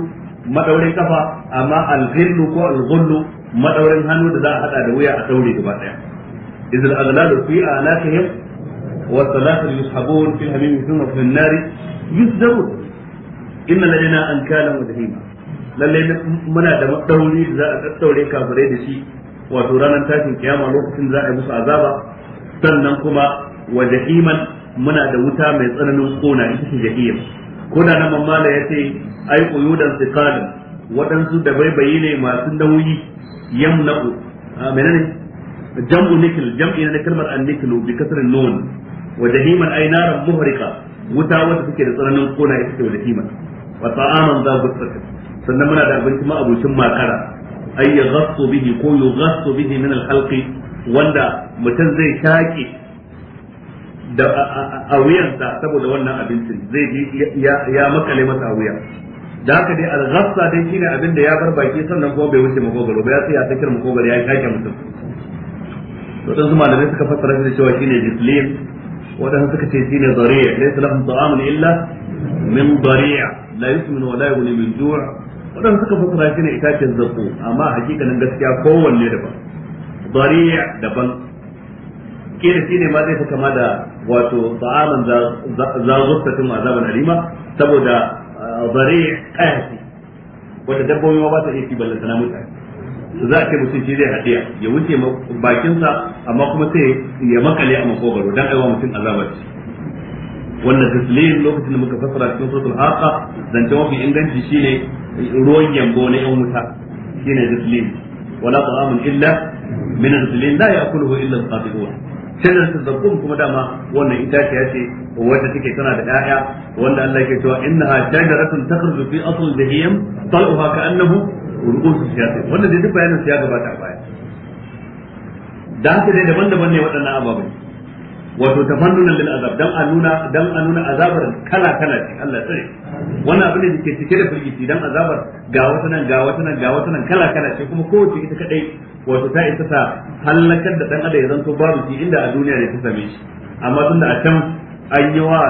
madaurin kafa amma alghillu ko alghullu madaurin hannu da za a hada da wuya a daure gaba daya idil aghlalu fi anakihim wa salatu yushabun fil hamim thumma fil nari yusdabun inna lana ankalan wa dahima Lallai muna da madauri da za a daddaure kafirai da shi wato ranar tashin kiyama lokacin za a yi musu azaba sannan kuma wa jahiman muna da wuta mai tsananin kona ita ce jahim kuna nan mamala yace ai kuyudan siqalan waɗansu da baibayi ne masu nauyi yamna'u ah, menene jam'u nikil jam'i na kalmar an-niklu bi kasrin nun wa jahiman ay naran muhriqa wuta wata take da tsananin kona ita ce wa jahiman wa ta'aman za busaka sannan muna da abinci ma abucin makara ay yaghassu bihi ko yughassu bihi min al-halqi wanda mutum zai shaƙe da a wuyansa saboda wannan abincin zai ji ya makale masa a wuya da haka dai al-ghassa dai shine abin da ya bar baki sannan kuma bai wuce makogaro ba ya ya tsakiyar makogaro ya shaƙe mutum to dan zuma da suka fassara shi da cewa shine jislim wadanda suka ce shine zari'a laysa lahum ta'amun illa min zari'a la yusminu wa la yughni min ju' wadanda suka fassara shi ne itacen zabbo amma hakikanin gaskiya kowanne daban dariya daban kila shine ma zai fi kama da wato ta'aman zazuttatin azaban alima saboda ah, bari kayasi wanda dabbobi ma ba ta iya ci ballanta na mutane za a ce mutum shi zai hadiya ya wuce bakinsa amma kuma sai ya makale a makogaro dan aiwa mutum azabar wannan taslim lokacin da muka fassara cikin suratul haqa zance mafi inganci shine ruwan yambo na yan wuta shine taslim wala ta'amun illa min taslim la ya'kuluhu illa al-qati'un sanar tazakkum kuma dama wannan itaciya ce wanda take tana da ɗaya wanda Allah yake cewa innaha shajaratun takhruju fi asl jahim tal'uha ka'annahu ru'usu shayatin wannan dai duk bayanin ya gabata a baya da haka dai daban-daban ne waɗannan ababai wato tafannunan lil azab dan a nuna dan a nuna azabar kala kala ce Allah tsare wannan abin da ke cike da firgici dan azabar ga wata nan ga wata nan ga wata nan kala kala ce kuma kowace ita kadai wato ta isa ta halakar da dan adam ya zanto babu shi inda a duniya ne ta same shi amma tunda a can an yi wa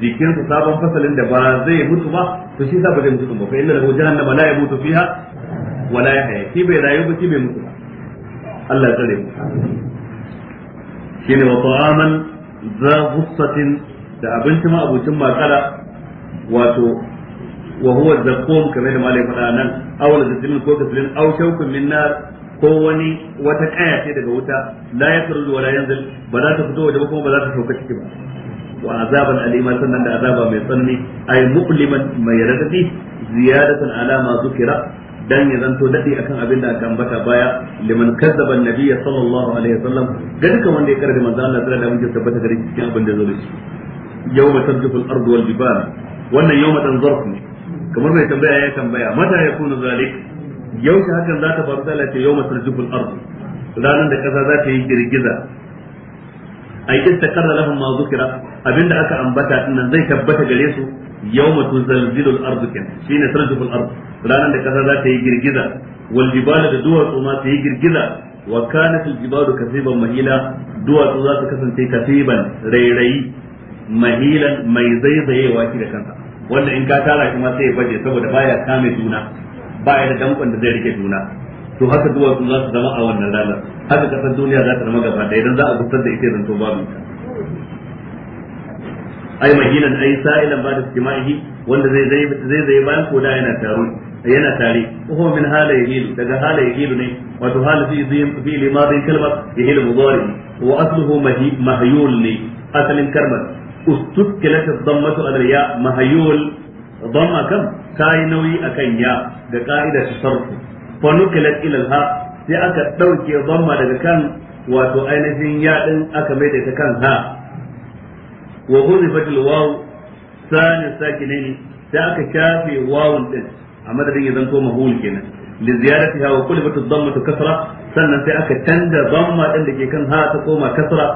sabon fasalin da ba zai mutu ba to shi sa ba zai mutu ba fa inna lahu jahannama la yamutu fiha wala yahya shi bai rayu ba shi bai mutu ba Allah ya tsare mu shine wa ta'aman za gussatin da abinci ma abucin makara wato wa huwa zakum kamar da malai faɗa nan awala zatin ko kafirin aw shawkun min nar ko wani wata kaya ce daga wuta la yakhruju wa la yanzil ba za ta fito waje ba kuma ba za ta sauka ciki ba wa azaban alima sannan da azaba mai tsanani ay muqliman mai radadi ziyadatan ala ma zukira dan ya zanto dadi akan abin da aka ambata baya liman kazzaba annabiyya sallallahu alaihi wasallam ga dukkan wanda ya karanta manzo Allah sallallahu alaihi wasallam tabbata gare cikin abin da zo da shi yawma tarjufu al-ard wal jibal wannan yawma dan kamar mai tambaya ya tambaya mata ya kunu zalik yau hakan za ta faru sai ce yawma tarjufu al-ard ranan da kasa za ta yi girgiza ai istaqarra lahum ma zukira abinda aka ambata dinnan zai tabbata gare su yawma tuzalzilu al-ard kin shine tarjufu al-ard ranar da kasa za ta yi girgiza wal jibala da duwatsu ma ta yi girgiza wa kanat al jibalu kasiban mahila duwatsu za su kasance kasiban rairayi mahilan mai zaizayewa shi da kansa wanda in ka tara shi ma sai ya baje saboda baya kame juna baya da dankon da zai rike juna to haka duwatsu za su zama a wannan ranar haka kasar duniya za ta zama gaba da idan za a gustar da ita zan to babu ai mahilan ai sa'ilan ba da sikimahi wanda zai zai zai bayan ko da yana taro yana tare ko min hala yahilu daga hala yahilu ne wato hala fi dhim fi limadin kalma yahilu mudari wa asluhu mahyul ne asalin karmar ustukkilat ad-dammatu ala ya mahyul dhamma kam kai nawi akan ya da ka'idar sarfu fa nukilat ila alha sai aka dauke dhamma daga kan wato ainihin ya din aka mai da kan ha wa huzifat al-waw sani sakinaini sai aka kafe wawun din a madadin ya zanto mahul kenan li ziyaratiha wa qulibat ad-dammatu kasra sannan sai aka canza damma din da ke kan ha ta koma kasra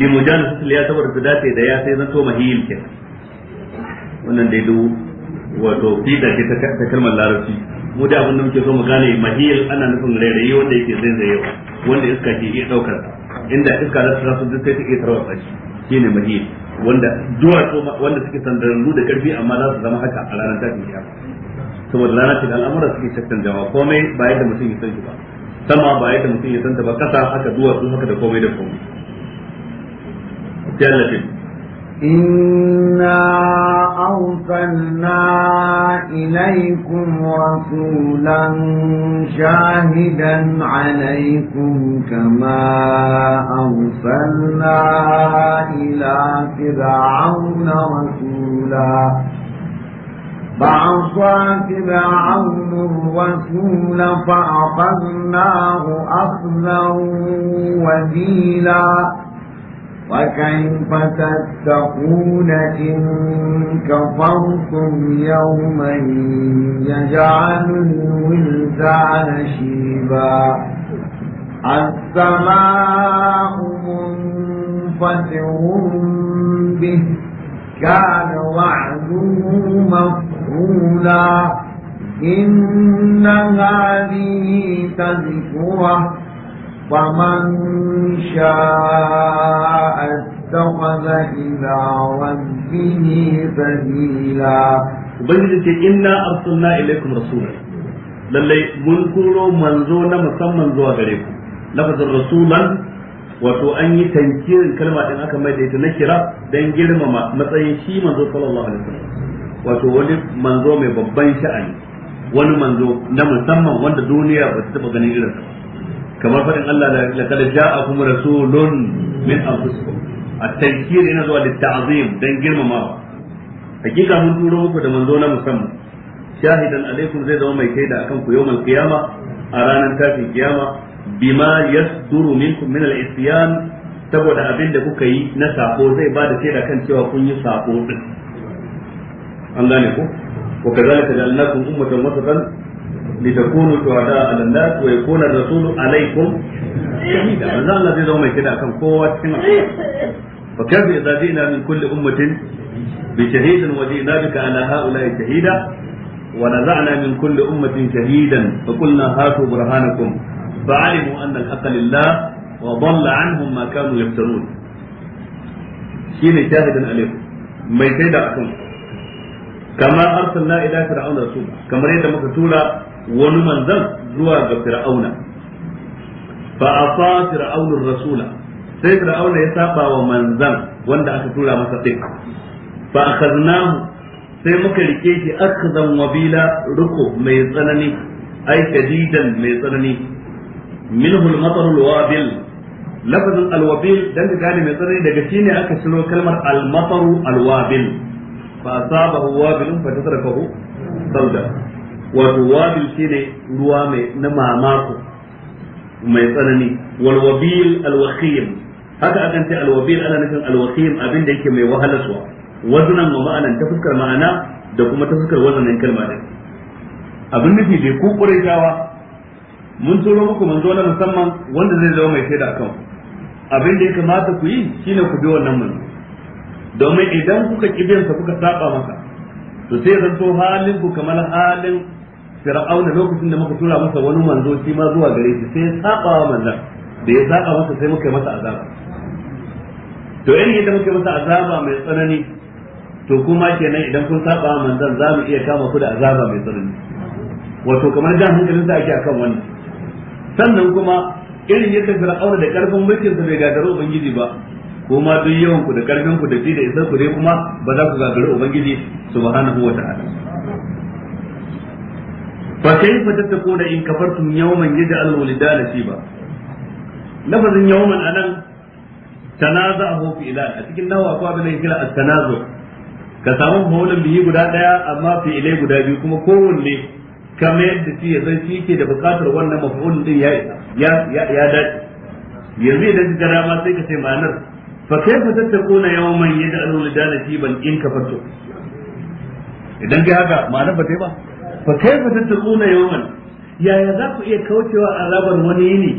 li mujalasati li saboda su dace da ya sai zanto mahil kenan wannan dai duk wato fida ce ta kalmar larabci mu da abin da muke so mu gane mahil ana nufin rairayi wanda yake zaizayewa wanda iska ke iya daukar inda iska za ta rasu duk sai ta iya tarwatsa shi shine mahil wanda duwatsu wanda suke sandararru da karfi amma za su zama haka a ranar tashin kiyama saboda rana ce da al'amuran suke shakkan jama'a komai ba yadda mutum ya san shi ba sama ba yadda mutum ya san ta ba kasa haka duwatsu haka da komai da komai sai إنا أرسلنا إليكم رسولا شاهدا عليكم كما أرسلنا إلى فرعون رسولا فعصى فرعون الرسول فأخذناه أخذا وبيلا وكيف تتقون إن كفرتم يوما يجعل الولدان شيبا السماء منفطر به كان وعده مفتوحا الأولى إن هذه تذكرة فمن شاء اتخذ إلى ربه سبيلا ubangiji ce inna arsalna ilaikum rasula lallai mun turo manzo na musamman zuwa gare ku lafazin rasulan wato an yi tankirin kalma din aka mai da ita na kira dan girmama matsayin shi manzo sallallahu alaihi wasallam wato wani manzo mai babban sha'ani wani manzo na musamman wanda duniya ba ta taba ganin irinsa kamar faɗin Allah da kuma rasu rasulun min anfusikum a tankiyar yana zuwa lit don dan girmamawa hakika mun turo muku da manzo na musamman shahidan alaikum zai zama mai kaida akan ku yawmal qiyama a ranar tashin kiyama bima yasduru minkum min al-isyan saboda abin da kuka yi na sako zai ba da shaida kan cewa kun yi sako din an gane ko wa kazalika ja'alnakum ummatan wasatan litakunu shuhada'a 'ala an-nas wa yakuna rasulu 'alaykum shahida manzo Allah zai zama mai kida akan kowa cikin fa kayfa idza ji'na min kulli ummatin bi shahidin wa ji'na bika 'ala ha'ula'i shahida ونزعنا من كل أمة شهيدا فقلنا هاتوا برهانكم فعلموا أن الحق لله وضل عنهم ما كانوا يفترون شين شاهدا عليكم ما يتدع أكمل kama arsalna ila fir'auna rasula kamar yadda muka tura wani manzan zuwa ga fir'auna fa asa fir'auna rasula sai fir'auna ya saba wa manzan wanda aka tura masa din fa akhadnahu sai muka rike shi akhzan wabila ruko mai tsanani ai kadidan mai tsanani minhu al-matar al-wabil lafazin al-wabil dan gane mai tsanani daga shine aka siyo kalmar al-matar al-wabil fa saba wabilun fa tasrafahu sauda wato wabil shine ruwa mai na mamako mai tsanani wal wabil al haka akan ce al wabil ana nufin al wakhim abin da yake mai wahalarwa wazanan ma ma'anan ta fuskar ma'ana da kuma ta fuskar wazanin kalma din abin nufi dai ku qurayshawa mun turo muku manzo na musamman wanda zai zama mai shaida kan abin da ya kamata ku yi shine ku bi wannan manzo domin idan kuka kibiyansa kuka saba masa to sai zan to halin ku kamar halin fir'auna lokacin da muka tura masa wani manzo shi ma zuwa gare shi sai ya saba wa manzon da ya saba masa sai muka masa azaba to irin yadda muka masa azaba mai tsanani to kuma kenan idan kun saba wa manzon za mu iya kama ku da azaba mai tsanani wato kamar jan hankalin sa ake akan wannan sannan kuma irin yadda fir'aun da karfin mulkin sa bai gagaro ubangiji ba ma duk yawan ku da karfin ku da ji da isar ku dai kuma ba za ku gagari ubangiji subhanahu wa ta'ala fa kayfa tattaquna in kafartum yawman yaj'al walidana shiba lafazin yawman anan tanaza'ahu fi ilal a cikin nawa ko abin da kira at-tanazu ka samu maulan biyu guda daya amma fi ilai guda biyu kuma kowanne kama yadda shi ya zai shi da bukatar wannan maf'ul din ya dace yanzu idan ka jarama sai ka ce ma'anar fa kaifa tattaquna yawman yaj'alu lidana tiban in kafartu idan kai haka ma'ana ba tai ba fa kaifa tattaquna yawman yaya za ku iya kaucewa azabar wani yini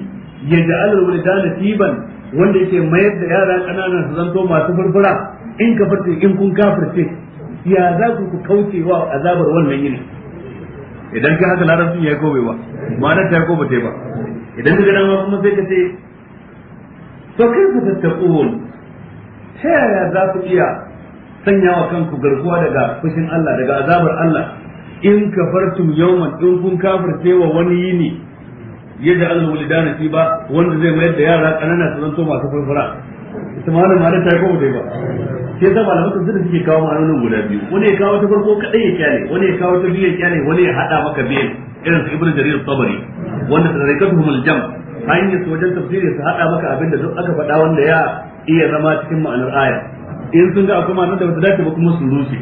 yaj'alu lidana tiban wanda yake mayar da yara kanana su zanto masu furfura in ka farce, in kun kafirce ya za ku kaucewa azabar wannan yini idan kai haka larabcin ya kobe ba ma'anar ta kobe ta ba idan ka gana kuma sai ka ce to kai ku tattaqun ta yaya za ku iya sanya wa kanku garkuwa daga fushin Allah daga azabar Allah in kafartum yawman in kun kafirce wa wani yini yadda Allah dana fi ba wanda zai mayar da yara kanana su zanto masu furfura ita ma nan ta ko dai ba ke da malaman sun da suke kawo ma'anonin guda biyu wani ya kawo ta farko kadai ya kyale wani ya kawo ta biyu ya kyale wani ya hada maka biyu irin su ibnu jarir tabari wanda tarikatuhumul jam hanyar su wajen tafsiri su hada maka abinda duk aka faɗa wanda ya iya zama cikin ma'anar aya in sun ga akwai ma'anar da ba su dace ba kuma su rushe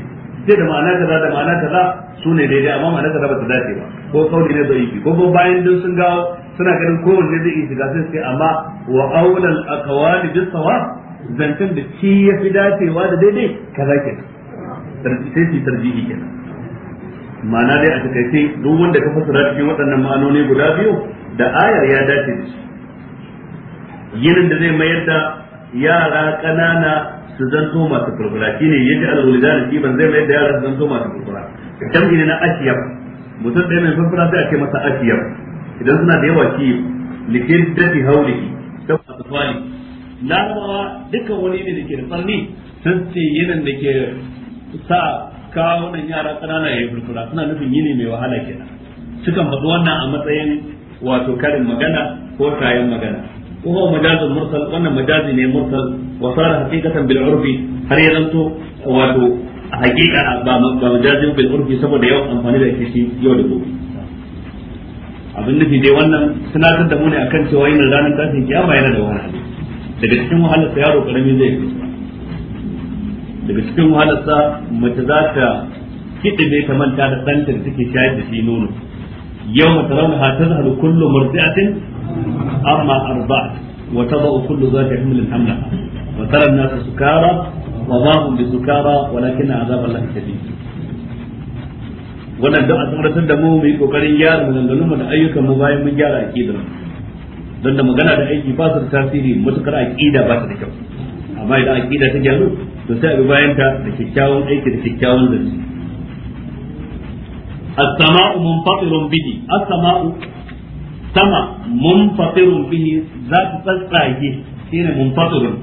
sai da ma'ana kaza da ma'ana kaza su ne daidai amma ma'ana kaza ba ta dace ba ko kauli ne zai yi ko ko bayan dun sun ga suna ganin wanne zai iya shiga sai sai amma wa aulal aqwali bis sawab zancen da shi ya fi dacewa da daidai kaza ke sai su tarjihi kenan ma'ana dai a takaice duk wanda ka fasara cikin waɗannan ma'anoni guda biyu da ayar ya dace da shi yinin da zai mayar da yara kanana su zanto masu furfura shine yaji alwulidana shi ban zai mai da yara su zanto masu furfura dan ne na ashiyab mutum ɗaya mai furfura sai ake masa ashiyab idan suna da yawa shi likin dati haulihi masu tsali larabawa dukkan wani ne da ke da tsarni sun ce yinin da ke sa kawunan yara kanana ya yi furfura suna nufin yini mai wahala kenan sukan faɗi wannan a matsayin wato karin magana ko kayan magana وهو مجاز مرسل وانا مجاز ne mursal wa sara haqiqatan bil urfi har ya zanto wato haqiqa ba ba majazi bil saboda amfani da kishi gobe abin wannan suna da mu ne akan cewa yin ranar tashin kiyama yana da wahala daga cikin wahalar sa yaro karami zai fi daga cikin wahalar sa mace za ta ta manta da ɗanta da take shayar da shi nono yau mata rauna ha ta zahalu kullum murdi'atin أما أربعة وتضع كل ذات حمل حملها وترى الناس سكارى وما هم بسكارى ولكن عذاب الله شديد wannan da a tsoratar da mu mu yi kokarin gyara maganganunmu da ayyukan mu bayan mun gyara aqidar don da magana da aiki ba su da tasiri matukar aqida ba ta da kyau amma idan aqida ta gyaru to sai a bi bayan ta da kyakkyawan aiki da kyakkyawan zance as-sama'u munfatirun bihi as-sama'u sama munfatirun bihi za ta tsatsage shine munfatirun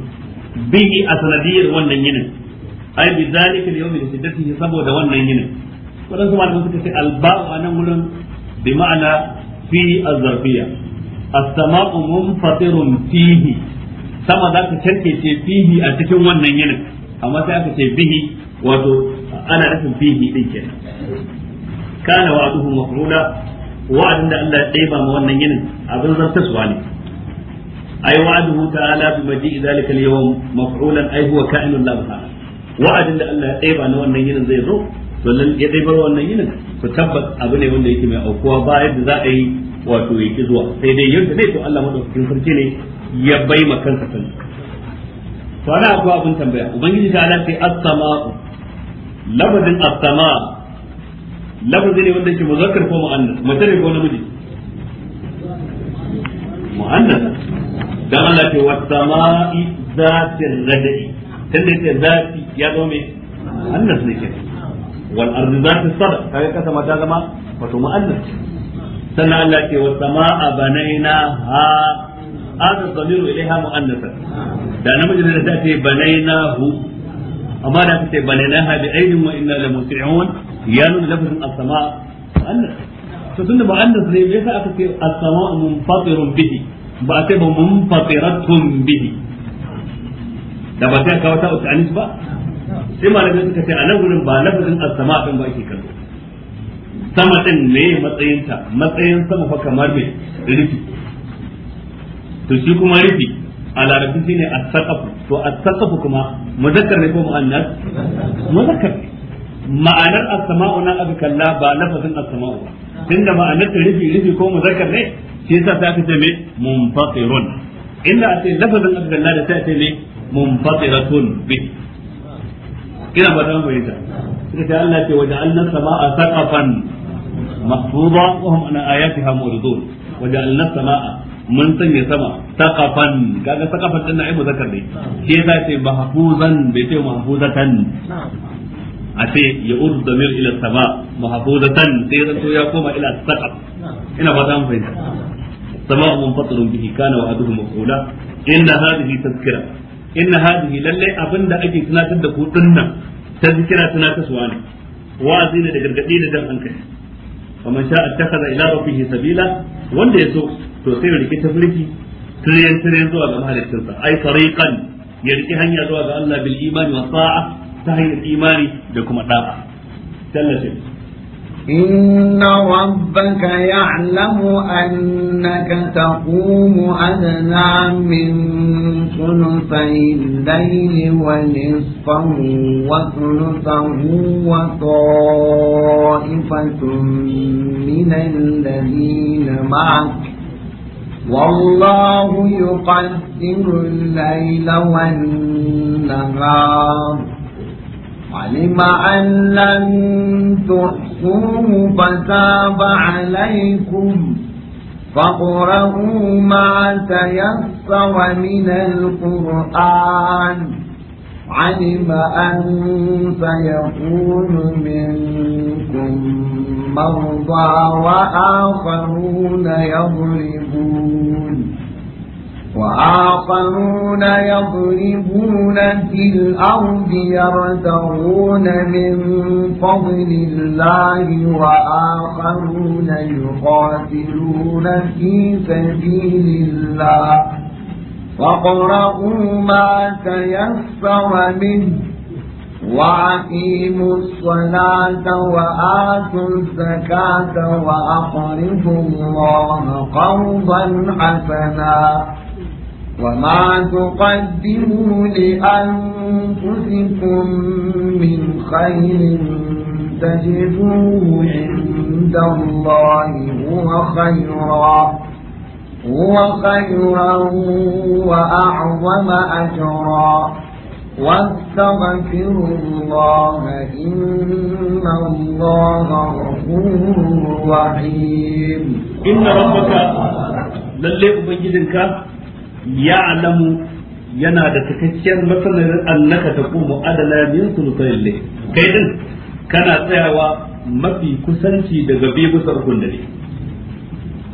bihi a sanadiyar wannan yinin ai bi zalika al-yawm li shiddatihi saboda wannan yinin wadansu malaman suka ce alba'u a nan wurin bi ma'ana fi az-zarfiyya as-sama'u munfatirun fihi sama za ta ce fihi a cikin wannan yinin amma sai aka ce bihi wato ana nufin fihi din kenan kana wa'duhu mafruna wa'adin da Allah ya ɗeba ma wannan yinin abin zartaswa ne ai wa'aduhu ta'ala bi maji'i zalika al-yawm maf'ulan ai huwa ka'inun la wa'adin da Allah ya ɗeba na wannan yinin zai zo to ya ɗebar wannan yinin to tabbas abu ne wanda yake mai aukuwa ba yadda za a yi wato yake zuwa sai dai yadda ne to Allah madaukakin sarki ne ya bai ma kansa kan to ana akwai abin tambaya ubangiji ta sai as-sama'u labadin as-sama' lafazi ne wanda yake muzakkar ko mu'annas mace ne ko namiji mu'annas dan Allah ce wasama'i zatir radai tunda yake zati ya zo me annas ne ke wal ardi zati sada kaga kasa ma ta zama wato mu'annas sannan Allah ce wasama'a banaina ha hada zamiru ilaiha mu'annasa da namiji ne da ta ce banaina hu amma da ta ce banaina ha bi aidin wa inna la musi'un ya nuna lafazin as-sama annas tun tunda ba annas ne me yasa aka ce as-sama munfatirun bihi ba sai ba munfatiratun bihi da ba sai kawo ta anis ba sai malamai suka ce a nan gurin ba lafazin as-sama din ba ake kallo sama din ne matsayinta matsayin sama fa kamar me rufi to shi kuma rufi a larabci shine as-saqaf to as-saqaf kuma muzakkar ne ko mu'annas muzakkar ne ma'anar as-sama'u nan aka ba lafazin as-sama'u ba tunda ma'anar ta rufi rufi ko muzakkar ne shi yasa sai aka ce me munfatirun illa a ce lafazin aka kalla da sai a ce me munfatiratun bi ina ba ta mai ta sai ta Allah ce waja'alna sama'a saqafan mahfuza wa hum an ayatiha muridun waja'alna sama'a mun sanya sama saqafan kaga saqafan din na ai muzakkar ne shi yasa ce mahfuzan bai ce mahfuzatan Ace ya urdu damir ila sama mahfuzatan sai zan ya koma ila saqab ina ba ta fahimta sama mun fatarun bihi kana wa aduhu maqula inna hadhihi tazkira inna hadhihi lalle abinda ake tunatar da ku dinnan tazkira tunatarwa ne wa'azi ne da gargadi da dan hankali faman sha'a takhadha ila rabbihi sabila wanda yaso to sai ya rike tafriki tiryan tiryan zuwa ga mahaliccinsa ai tariqan ya rike hanya zuwa ga Allah bil imani wa sa'a ta hanyar imani da kuma da'a tallafi إن ربك يعلم أنك تقوم أدنى من ثلثي الليل ونصفه وثلثه وطائفة من الذين معك والله يقدر الليل والنهار علم أن لن تحصوه فتاب عليكم فاقرؤوا ما تيسر من القرآن علم أن سيكون منكم مرضى وآخرون يضربون وآخرون يضربون في الأرض يرتعون من فضل الله وآخرون يقاتلون في سبيل الله فاقرؤوا ما تيسر منه وأقيموا الصلاة وآتوا الزكاة وأقرضوا الله قرضا حسنا وما تقدموا لأنفسكم من خير تجدوه عند الله هو خيرا هو خيرا وأعظم أجرا واستغفروا الله إن الله غفور رحيم إن ربك للي أبنجدك ya'lamu yana da cikakken masanin annaka taqumu adala min sulthayil layl kai din kana tsayawa mafi kusanci daga biyu bisa ukun dare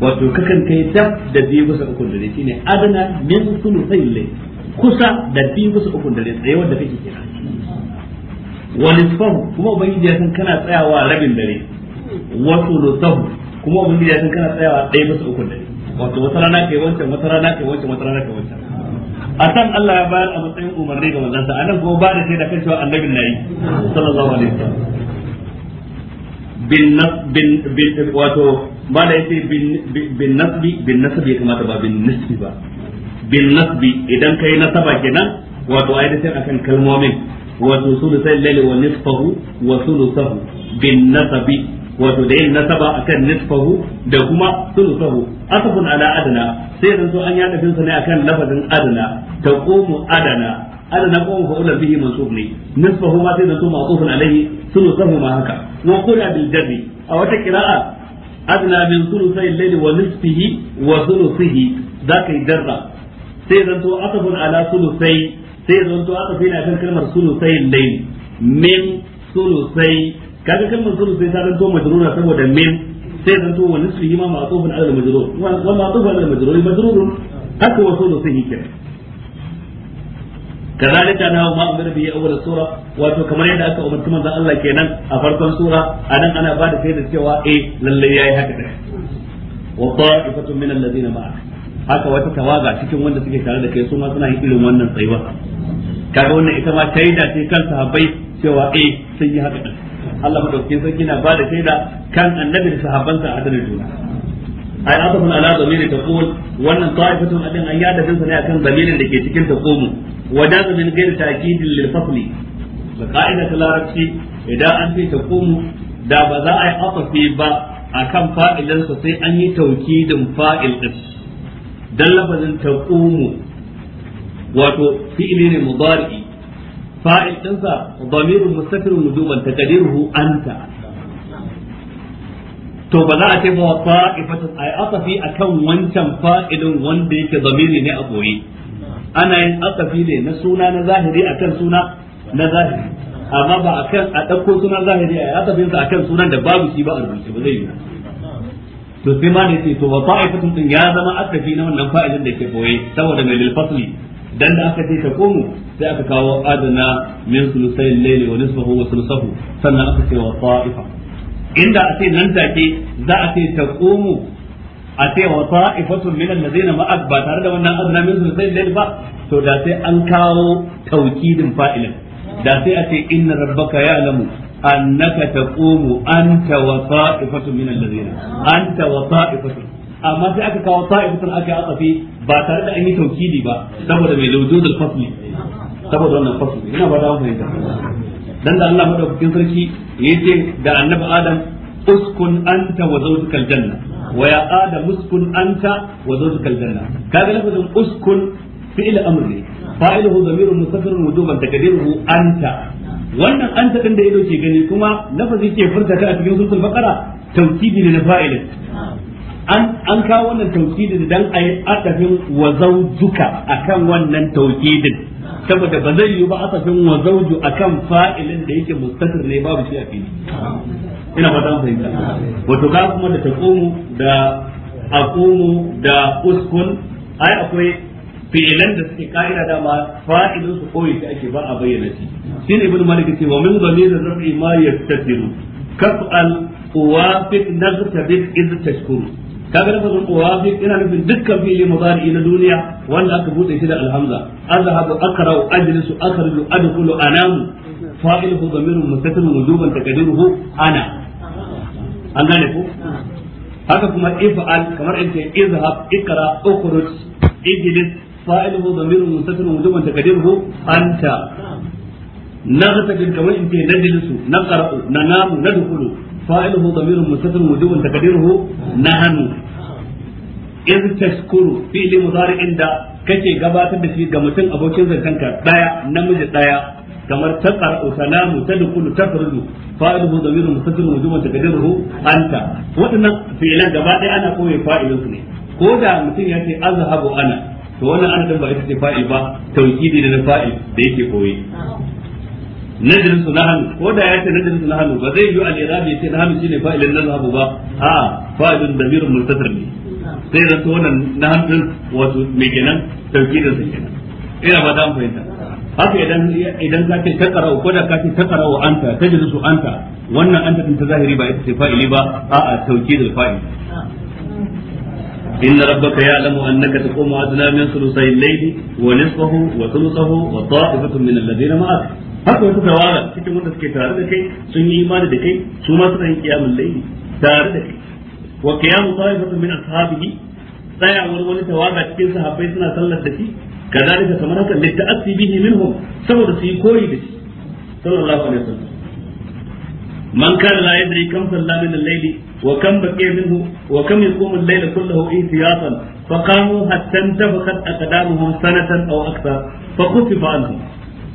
wato kakan kai dab da biyu bisa ukun dare shine adana min sulthayil layl kusa da biyu bisa ukun dare tsaye wanda kake kira Wani nisfahu kuma ubangiji ya san kana tsayawa rabin dare wato thuluthahu kuma ubangiji ya san kana tsayawa ɗaya bisa ukun dare wato wata rana ke wancan wata rana ke wancan wata rana ke wancan a san Allah ya bayar a matsayin umarni ga manzon sa anan kuma ba da sai da kan cewa na yi. sallallahu alaihi wasallam bin bin bin wato ba da yace bin bin nasbi bin nasbi kamata ba bin nasbi ba bin nasbi idan kai nasaba kenan wato sai akan kalmomin wato sulusai laili wa nisfahu wa sulusahu bin nasbi wato da yin nasaba akan nisfahu da kuma sulusahu asafun ala adana sai yanzu an yada bin ne akan lafazin adana taqumu adana adana qawmu fa'ula bihi mansub ne nisfahu ma sai zanto ma'tufun alayhi sulusahu ma haka wa qula bil jazmi a wata qira'a adana min sulusai al-layli wa nisfihi wa sulusihi zaka yi jarra sai zanto asafun ala sulusai sai zanto asafi ne kan kalmar sulusai al-layli min sulusai kaga kalmar sulu sai ta zanto majrura saboda mim sai zanto wa nisfi ma ma'tufun ala majrur wa ma'tufun ala majrur majrur majrurun haka wa sulu sai yake كذلك انا ما امر a اول sura wato kamar yadda aka umarci manzon Allah kenan a farkon sura anan ana ba da sai da cewa eh lalle yayi haka da wa ta'ifatu min alladhina ma'a haka wata tawaga cikin wanda suke tare da kai su ma suna yin irin wannan tsayuwa kaga wannan ita ma shaida ce kan sahabbai cewa eh sun yi haka din Allah madaukakin sarki na ba da shaida kan annabi da sahabbansa a hadarin juna ai asafun ala zamiri taqul wannan ta'ifatun abin an yada dinsa ne akan zamirin da ke cikin taqumu wa da zamin gairi ta'kidin lil fasli da ka'ida ta larabci idan an ce taqumu da ba za a yi asafi ba a kan fa'ilansa sai an yi taukidin fa'il din dan lafazin taqumu wato fi'ili ne mudari'i fa'il dinsa damirun mustaqirun ta taqdiruhu anta to ba za a ce ba fa'ifatun ay asafi kan wancan fa'ilin wanda yake zamiri ne a boye ana yin asafi ne na suna na zahiri a kan suna na zahiri amma ba a akan a dauko sunan zahiri yi asafin a kan sunan da babu shi ba a rubuce ba zai yi to sai ma ne ce to wa fa'ifatun din ya zama asafi na wannan fa'ilin da ke boye saboda mai lil fasli dan da aka ce ta komo? sai aka kawo adana min sulusayin laili wa nisfahu wa sulusahu sannan aka ce wa ta'ifa inda a ce nan take za a ce ta komo a ce wa ta'ifatun min allazina ma'ak ba tare da wannan adana min sulusayin laili ba to da sai an kawo taukidin fa'ilin da sai a ce inna rabbaka ya'lamu annaka taqumu anta wa ta'ifatun min allazina anta wa ta'ifatun amma sai aka kawo ta'ifatun aka yi asafi ba tare da an yi taukidi ba saboda mai lawjudul fasli saboda wannan fasu ina ba da fahimta dan da Allah madaukakin sarki yace da annabi Adam uskun anta wa zawjuka aljanna wa ya adam uskun anta wa zawjuka aljanna kaga lafazin uskun fi'il amri fa'iluhu dhamirun mustatirun wujuban taqdiruhu anta wannan anta din da ya dauke gani kuma lafazi ke furta ta a cikin sulhul baqara tawkidi ne na fa'ilin an an kawo wannan tawkidi dan ayi adafin wa zawjuka akan wannan tawkidin saboda ba zai yi ba asafin wa zauju akan fa'ilin da yake mustatir ne babu shi a fili ina fatan fahimta wato ka kuma da taqumu da aqumu da uskun ai akwai fi'ilan da suke ka'ida da ma fa'ilin su koyi da ake ba a bayyana shi shine ibnu malik ce wa min dhamir da rafi ma ya tattiru. yastatiru kaf'al uwafiq naghtabit iz tashkuru kaga lafazin uwafiq ina nufin dukkan fili mudari na duniya wanda aka bude shi da alhamza azhabu aqra'u ajlisu akhruju adkhulu anamu fa'iluhu dhamirun mustatirun wujuban taqdiruhu ana an gane ko haka kuma if'al kamar in ce izhab iqra ukhruj ijlis fa'iluhu dhamirun mustatirun wujuban taqdiruhu anta naghtajil kamar in ce najlisu naqra'u nanamu nadkhulu fa'iluhu dhamirun mustatir wujubun taqdiruhu nahnu iz tashkuru fi'li mudari'in da kake gabatar da shi ga mutum abokin zantanka daya namiji ɗaya kamar taqar usalamu tadkhulu takhruju fa'iluhu dhamirun mustatir wujubun taqdiruhu anta wadannan fi'lan gaba daya ana koyi fa'ilin su ne ko da mutum ya ce azhabu ana to wannan ana ba ita ce fa'il ba tawkidi da na fa'il da yake koyi nadrin su nahanu ko da ya ce nadrin su nahanu ba zai yi al-irabi ce nahanu shine fa'ilin nazhabu ba a fa'ilun damirun mustatir ne sai da to wannan nahanu din wato me kenan tawkidin sa kenan ina ba ta fahimta haka idan idan ka ce ko da ka ce takarau anta tajlisu anta wannan anta ta zahiri ba ita ce fa'ili ba a'a tawkidul fa'il إن ربك يعلم أنك تقوم أدنى من ثلثي الليل ونصفه وثلثه وطائفة من الذين معك haka wasu tawara cikin wanda suke tare da kai sun yi imani da kai su ma suna yin kiyamul layli tare da kai wa qiyamu ta'ifatun min ashabihi tsayawar wani tawaga cikin sahabbai suna sallar da shi kadalika kamar haka litta'assi bihi minhum saboda su yi koyi da shi sallallahu alaihi wasallam man kana la yadri kam salla min al-layli wa kam baqiya minhu wa kam yaqumu al-layla kullahu ihtiyatan fa qamu hatta intafaqat aqdamuhum sanatan aw akthar fa kutifa anhum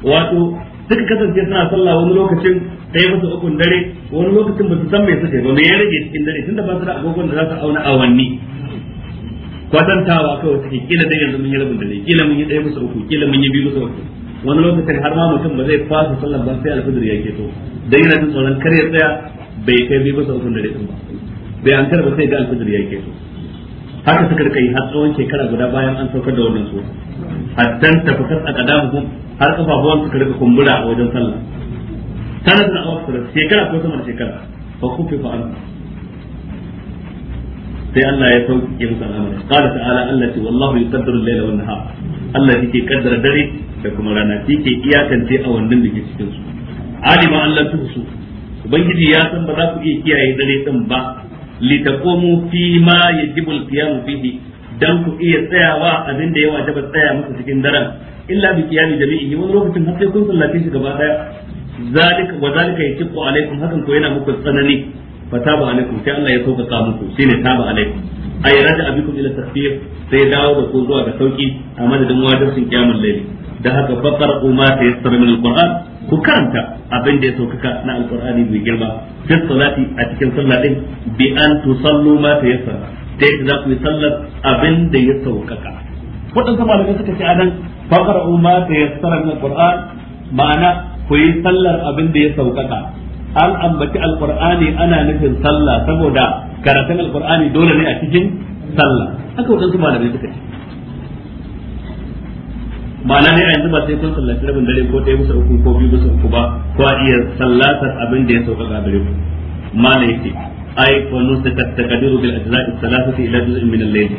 wato suka kasance suna sallah wani lokacin ɗaya masa ukun dare wani lokacin ba su san mai suke ba me ya rage cikin dare tunda ba su da agogon da za su auna awanni kwatantawa kawai suke kila da yanzu mun yi rabin dare kila mun yi ɗaya masa uku kila mun yi biyu masa uku wani lokacin har ma mutum ba zai fasa sallar ba sai alfajir ya ke to dan yana jin tsoron kar ya tsaya bai kai biyu masa ukun dare ba bai an ba sai ga alfajir ya ke to haka suka rika yi har tsawon shekara guda bayan an saukar da wannan su. hatta tafakkat aqdamukum har kafafuwan suka rika kumbura a wajen sallah kana da awsar shekara ko sama da shekara fa kufi fa anhu sai Allah ya sauke musu al'amari qala ta'ala allati wallahu yuqaddiru al-layla wan nahar Allah yake kaddara dare da kuma rana yake iyakance a wannan da ke cikin su alima an lan tuhsu ubangiji ya san ba za ku iya kiyaye dare din ba litaqumu fi ma yajibu al-qiyam fihi dan ku iya tsayawa abin da ya wajaba tsaya muku cikin daren illa bi qiyami jami'i wani lokacin har sai kun sallace shi gaba daya zalika wa zalika yatiqu alaikum hakan ko yana muku tsanani fa taba alaikum sai Allah ya sauƙaƙa muku shine taba alaikum ay raja bikum ila tasfir sai ya dawo da ku zuwa ga sauki a madadin wajibin qiyamul layl da haka faqar umma tayassara min alquran ku karanta abin da ya saukaka na alqur'ani mai girma fi salati a cikin sallah din bi an tusallu ma tayassara da yadda za ku yi sallar abin da ya saukaka waɗansu malamai suka ce a nan, umma da ya sarar na alquran ma'ana ku yi sallar abin da ya saukaka an ambaci alqur'ani ana nufin sallah saboda karatun alqur'ani dole ne a cikin sallah haka waɗansu malamai suka ce ma'ana ne a yanzu ba sai kun sallaci rabin dare ko ɗaya bisa uku ko biyu bisa uku ba ko a iya sallatar abin da ya sauƙaƙa dare ku ma na yake Ai ay wa ta taqdiru bil ajza'i thalathati ila juz'in min al-layl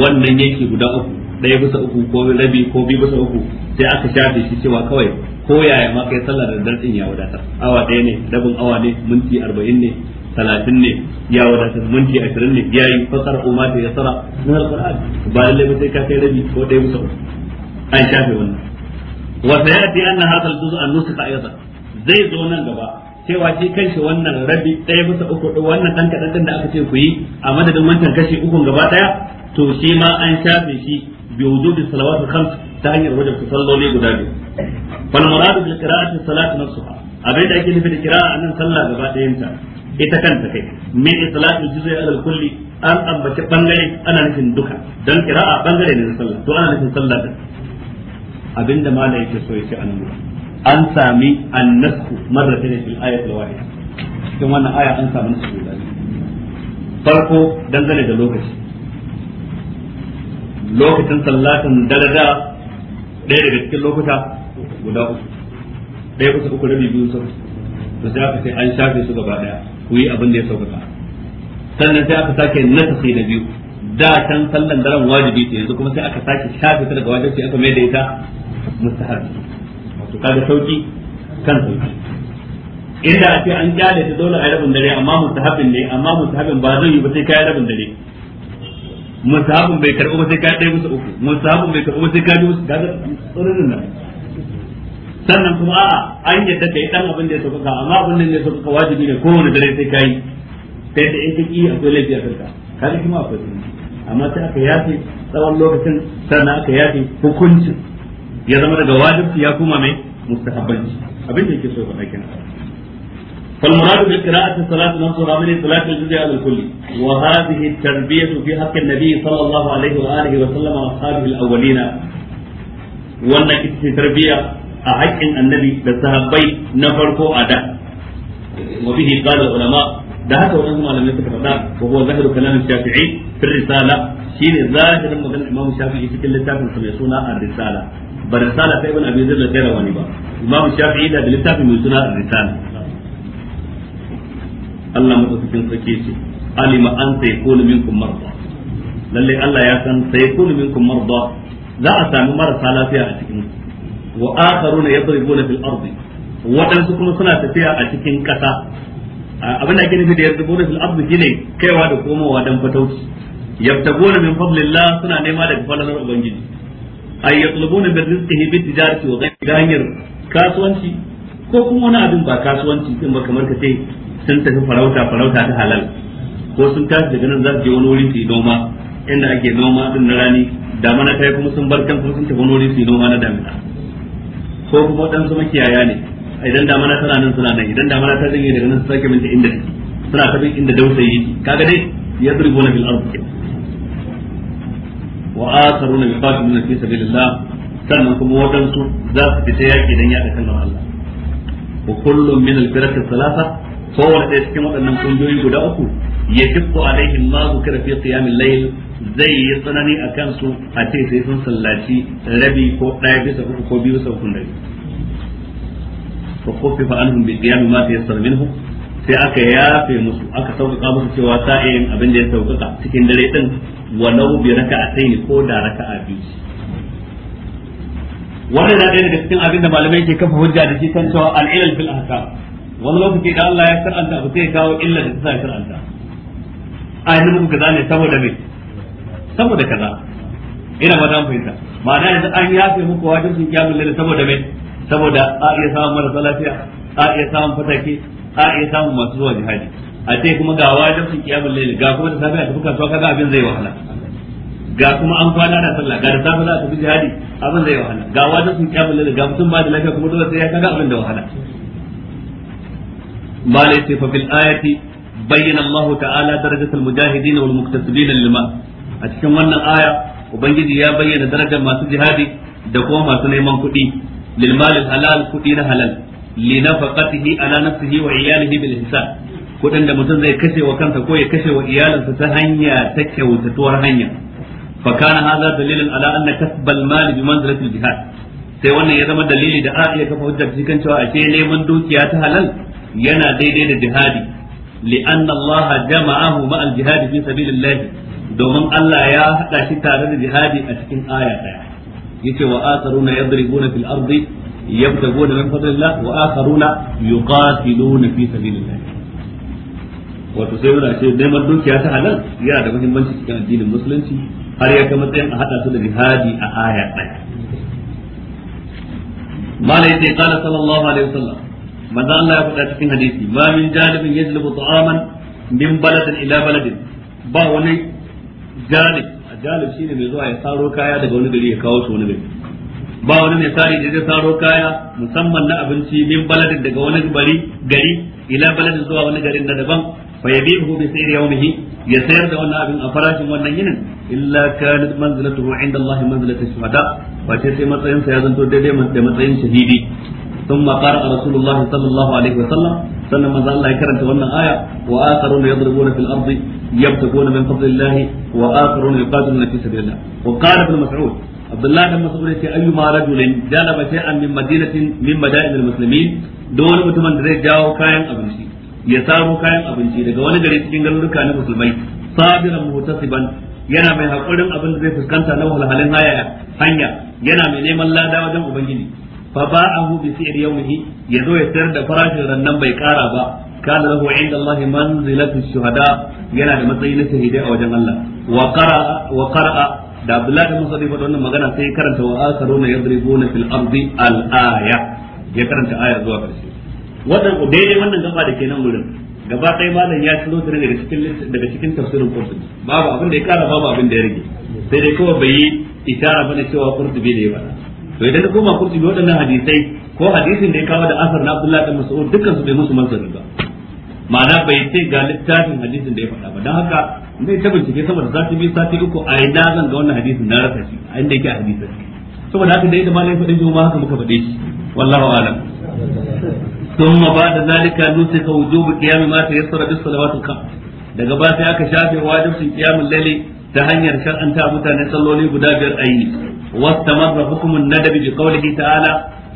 wannan yake guda uku ɗaya bisa uku ko rabi ko bi bisa uku sai aka shafe shi cewa kawai ko yaya ma kai sallah da dardin ya wadatar awa ɗaya ne rabin awa ne minti arba'in ne talatin ne ya wadatar minti ashirin ne ya yi fasar umma da ya sara na alƙur'an ba lalle ba sai ka kai rabi ko ɗaya bisa uku an shafe wannan wa sayati anna hadha al-juz'a nusika ayatan zai zo nan gaba cewa shi kanshi wannan rabi ɗaya bisa uku wannan ɗan kaɗan ɗin da aka ce ku yi a madadin wancan kashi ukun gaba ɗaya to shi ma an shafe shi bi wujudi salawatu khams ta hanyar wajen ku salloli guda biyu fal muradu bil qira'ati salatu na nafsuha abin da ake nufi da kira'a nan sallah gaba ɗayan ta ita kanta kai min salatu juz'i ala kulli an ambaci bangare ana nufin duka dan kira'a bangare ne na sallah to ana nufin sallah abinda malai yake so ya ce nuna an sami annasku ne fil ayat al-wahida cikin wannan aya an sami nasu guda farko dangane da lokaci lokacin sallatin darada ɗaya daga cikin lokuta guda uku ɗaya kusa uku rabi biyu sau to sai aka ce an shafe su gaba ɗaya ku yi abin da ya sauƙaƙa sannan sai aka sake nasasi na biyu da can sallan daren wajibi ce yanzu kuma sai aka sake shafe ta daga wajibi aka mai da ita mustahabi kaga sauki kan sauki inda a ce an kyale ta dole a rabin dare amma mustahabin ne amma mustahabin ba zai yi ba sai kai rabin dare mustahabin bai karɓi ba sai kai ɗaya musu uku mustahabin bai karɓi ba sai kai musu kaga tsoron nan sannan kuma a'a an yadda kai dan abin da ya sauka amma abin da ya sauka wajibi ne kowane dare sai kai sai da in kaki akwai laifi a kanka kaga kuma akwai amma sai aka yafe tsawon lokacin sannan aka yafe hukuncin ya zama daga wajibi ya kuma mai مستحبين abin da yake so فالمراد بالقراءة الصلاة نصر من صلاة الجزء على الكل وهذه التربية في حق النبي صلى الله عليه وآله وسلم وأصحابه الأولين وأنك التربية أحق النبي للصحابي نفرق أداء وبه قال العلماء ده على ولم يتفق وهو ظاهر كلام الشافعي في الرسالة shine zahirin maganar Imam Shafi'i cikin littafin sa mai suna Ar-Risala ba Risala ta Ibn Abi Zirr da wani ba Imam Shafi'i da littafin mai suna Ar-Risala Allah madaukakin sarki ce alima an sai kullu minkum marda lalle Allah ya san sai kullu minkum marda za a sami marasa lafiya a cikin wa akharuna yadribuna fil ardi waɗansu kuma suna tafiya a cikin ƙasa abin da ake nufi da yadda bude fil ardi shine kaiwa da komowa dan fatauci yabtaguna min fadlillah suna nema daga falalar ubangiji ay yatlubuna min rizqihi bi tijarati wa ghayri da hanyar kasuwanci ko kuma wani abin ba kasuwanci din ba kamar ka ce sun tafi farauta farauta ta halal ko sun tashi daga nan za su je wani wurin su yi noma inda ake noma din na rani da mana yi kuma sun bar kan sun tafi wani wurin su yi noma na damina ko kuma waɗansu makiyaya ne idan da mana tana nan suna nan idan da damana ta janye daga nan su sake minta inda suna ta bin inda dausayi kaga dai ya zurgo na bil arzikin wa akharuna yuqatiluna fi sabilillah sannan kuma wadansu za su fita yaki dan yada kalmar Allah wa kullum min al-firaq al-thalatha kowane ɗaya cikin waɗannan kungiyoyi guda uku ya jibbu alaihim ma zukira fi qiyamil layl zai yi tsanani a kansu a ce sai sun sallaci rabi ko ɗaya bisa ko biyu sai aka yafe musu aka sauƙaƙa musu cewa sa'in abin da ya sauƙaƙa cikin dare din walau bi raka'atayn ko da a biyu wannan na ɗaya daga cikin abin da malamai ke kafa hujja da shi kan cewa al'ilal fil ahkam wani lokaci da Allah ya karanta abu sai ya kawo illa da ta karanta a yanzu muku kaza ne saboda me saboda kaza ina ba zan fahimta ma'ana yanzu an yafe muku sun kyamun lail saboda me saboda a iya samun marasa lafiya a iya samun fatake a iya samun masu zuwa jihadi a ce kuma ga wajibin kiyamun layl ga kuma da safiya tafi kasuwa kaga abin zai wahala ga kuma an kwana da sallah ga da safe za a tafi jihadi abin zai wahala ga wajen sun kiyamun layl ga mutum ba da lafiya kuma dole sai ya kaga abin da wahala malai ce fafil ayati bayyana Allah ta'ala darajatul mujahidin wal muktasibin lilma a cikin wannan aya ubangiji ya bayyana darajar masu jihadi da kuma masu neman kuɗi lil halal kuɗi na halal li nafaqatihi ala nafsihi wa iyalihi bil ihsan kudin da mutum zai kashe wa kansa ko ya kashe wa iyalinsa ta hanya ta kyautatuwar hanya fa kana dalilin ala anna kasbal mal bi manzilati al jihad sai wannan ya zama dalili da a iya kafa hujjar cikin cewa neman dukiya ta halal yana daidai da jihadi li'anna Allah jama'ahu ma al jihadi fi sabilillah domin Allah ya hada shi tare da jihadi a cikin aya daya yace wa atharuna yadribuna fil ardi yabtaguna min fadlillah wa akharuna yuqatiluna fi sabilillah wato sai yana ce neman dukiya ta halal yana da muhimmanci cikin addinin musulunci har ya kai matsayin a hada su da jihadi a aya ɗaya malai sai kana sallallahu alaihi wasallam manzo Allah ya faɗa cikin hadisi ma min jalibin yajlibu ta'aman min baladin ila baladin ba wani jalib jalib shine mai zuwa ya saro kaya daga wani gari ya kawo su wani gari ba wani misali da zai saro kaya musamman na abinci min baladin daga wani bari gari ila baladin zuwa wani garin na daban fa yabihu bi sayri yawmihi ya sayar da wannan abin a farashin wannan yinin illa kanat manzilatuhu inda Allah manzilatu shuhada fa sai sai matsayin sa ya zanto daidai da matsayin shahidi ثم قرأ رسول الله صلى الله عليه وسلم سنة ما زال الله كرنت وانا آية وآخرون يضربون في الأرض يبتغون من فضل الله وآخرون يقاتلون في سبيل الله وقال ابن مسعود abdullahi dan mas'ud yace ayyuma rajulin jalaba shay'an min madinatin min madain da wani mutumin da zai jawo kayan ya samu kayan abinci daga wani gari cikin garuruka na musulmai sabiran muhtasiban yana mai hakurin abin da zai fuskanta na wahalhalin hanya yana mai neman lada wajen ubangiji fa ba'ahu bi fi'l yawmihi ya sayar da farashin rannan bai kara ba kana lahu inda Allah manzilatu shuhada yana da na Allah da abdullahi Musa sadi faɗa wannan magana sai ya karanta wa asaruna yadribuna fil ardi al aya ya karanta aya zuwa karshe wannan daidai wannan gaba da kenan wurin gaba kai malam ya ciro ta daga cikin daga cikin tafsirin qurtubi babu abin da ya kara babu abin da ya rage sai dai kawai bai yi isharar bane cewa qurtubi ne ba to idan ka koma qurtubi waɗannan hadisai ko hadisin da ya kawo da asar na Abdullahi bin Mas'ud dukkan su bai musu masdari ba ma'ana bai ce ga littafin hadisin da ya faɗa ba don haka zai ta bincike saboda sati biyu sati uku a ina zan ga wannan hadisin na rasa shi a inda yake a hadisin saboda haka dai da malai faɗin shi ma haka muka faɗe shi wallahu a'lam ثم بعد ذلك نسخ وجوب قيام ما تيسر بالصلوات الخمس daga ba sai aka shafe wajibcin qiyamul lalle ta hanyar shar'anta mutane salloli guda biyar a yi ayi wastamarra hukumun nadabi bi qawlihi ta'ala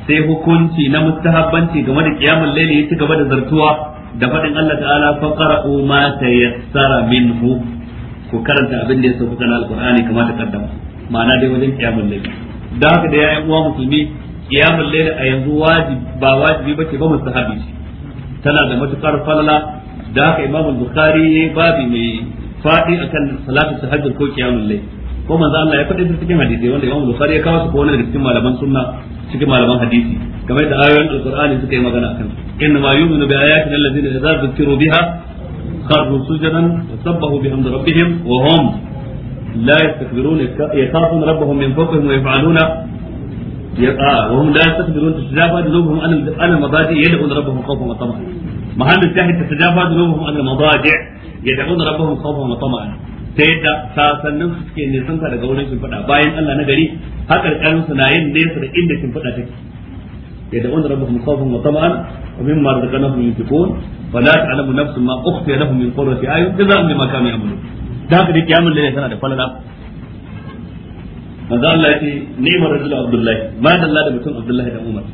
sai hukunci na mustahabbanci game da qiyamul lalle ya ci gaba da zartuwa da faɗin Allah ta'ala qara'u ma tayassara minhu ku karanta abin da ya sauka na alqur'ani kamar ta kaddama ma'ana dai wajen kiyamul layl da haka da yayin uwa musulmi kiyamul layl a yanzu wajibi ba wajibi bace ba mustahabi tana da matukar falala da haka imamul bukhari babi mai fadi akan salatu tahajjud ko kiyamul layl ko manzo Allah ya faɗi cikin hadisi wanda Imam Bukhari ya kawo su ko wannan da cikin malaman sunna cikin malaman hadisi kamar da ayoyin Al-Qur'ani suka yi magana akan inna ma yu'minu bi ayatina allazina idza dhukiru biha kharru sujadan wa sabbahu bi bihamdi rabbihim wa hum la yastakbirun yakhafuna rabbahum min fawqihim wa yaf'aluna wa hum la وهم an al mabadi جنوبهم rabbahum khawfan wa ربهم خوفا وطمعا محل الشاهد an al mabadi المضاجع rabbahum khawfan wa وطمعا ta yadda sasannin su suke ne sun daga wurin shimfiɗa bayan Allah na gari hakar ƙarin su na yin nesa da inda shimfiɗa take yadda wanda rabbuhum khawfan wa tama'an wa mimma razaqnahum yunfiqun wa la ta'lamu nafsun ma ukhfiya lahum min qurrati a'yun jazaa'an bima kanu ya'malun da haka dai kiyamul layl tana da falala manzo Allah ya ce ni'mar rajula abdullahi ma Allah da mutum abdullahi da umar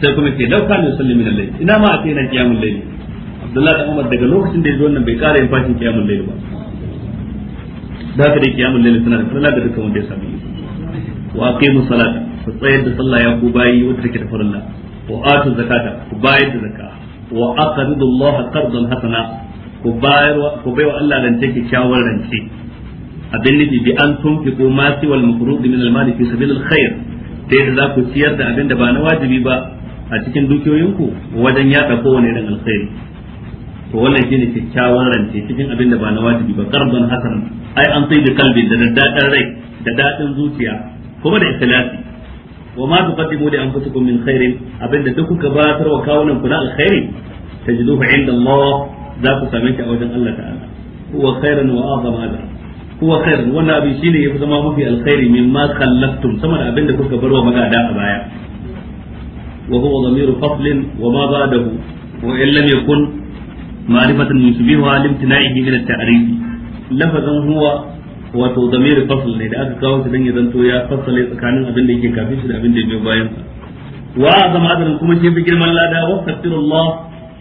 sai kuma ce dauka ne sallimi min ina ma a ce na kiyamul layl Abdullahi dan Umar daga lokacin da ya zo wannan bai kara yin fashin kiyamul layl ba da haka dai kiyamul layl tana da sallah da dukkan wanda ya sami wa aqimu salata ku tsayar da sallah ya ku bayi wata take da farilla wa atu zakata ku bayar da zakka wa aqridu Allah qardan hasana ku bayar ku baiwa Allah rance kyakkyawar rance abin nufi bi an tunfiqu ma siwal mafruḍ min al-mali fi sabilil khair ta yadda za ku ciyar da abin da ba na wajibi ba a cikin dukiyoyinku wajen yada kowane irin alkhairi to wannan shine kyakkyawan rance cikin abin da ba na wajibi ba qardan hasan ai an sai da kalbi da daddadan rai da dadin zuciya kuma da ikhlasi wa ma tuqaddimu li anfusikum min khairin abinda duk kuka batar wa kawunan ku na alkhairi tajiduhu inda Allah za ku same shi a wajen Allah ta'ala huwa khairan wa a'zama da huwa khairun wannan abin shi shine yafi zama mafi alkhairi mimma khallaftum sama da abinda kuka bar wa magada a baya wa huwa dhamiru faslin wa ma ba'dahu wa in lam yakun halin yusbihu limtina'ihi min at-ta'rif lafazan huwa wato damir fasl ne da aka kawo shi dan ya zanto ya fassale tsakanin abin da yake kafin shi da abin da yake bayan sa wa azama adan kuma shi fi girman lada wa fatirullah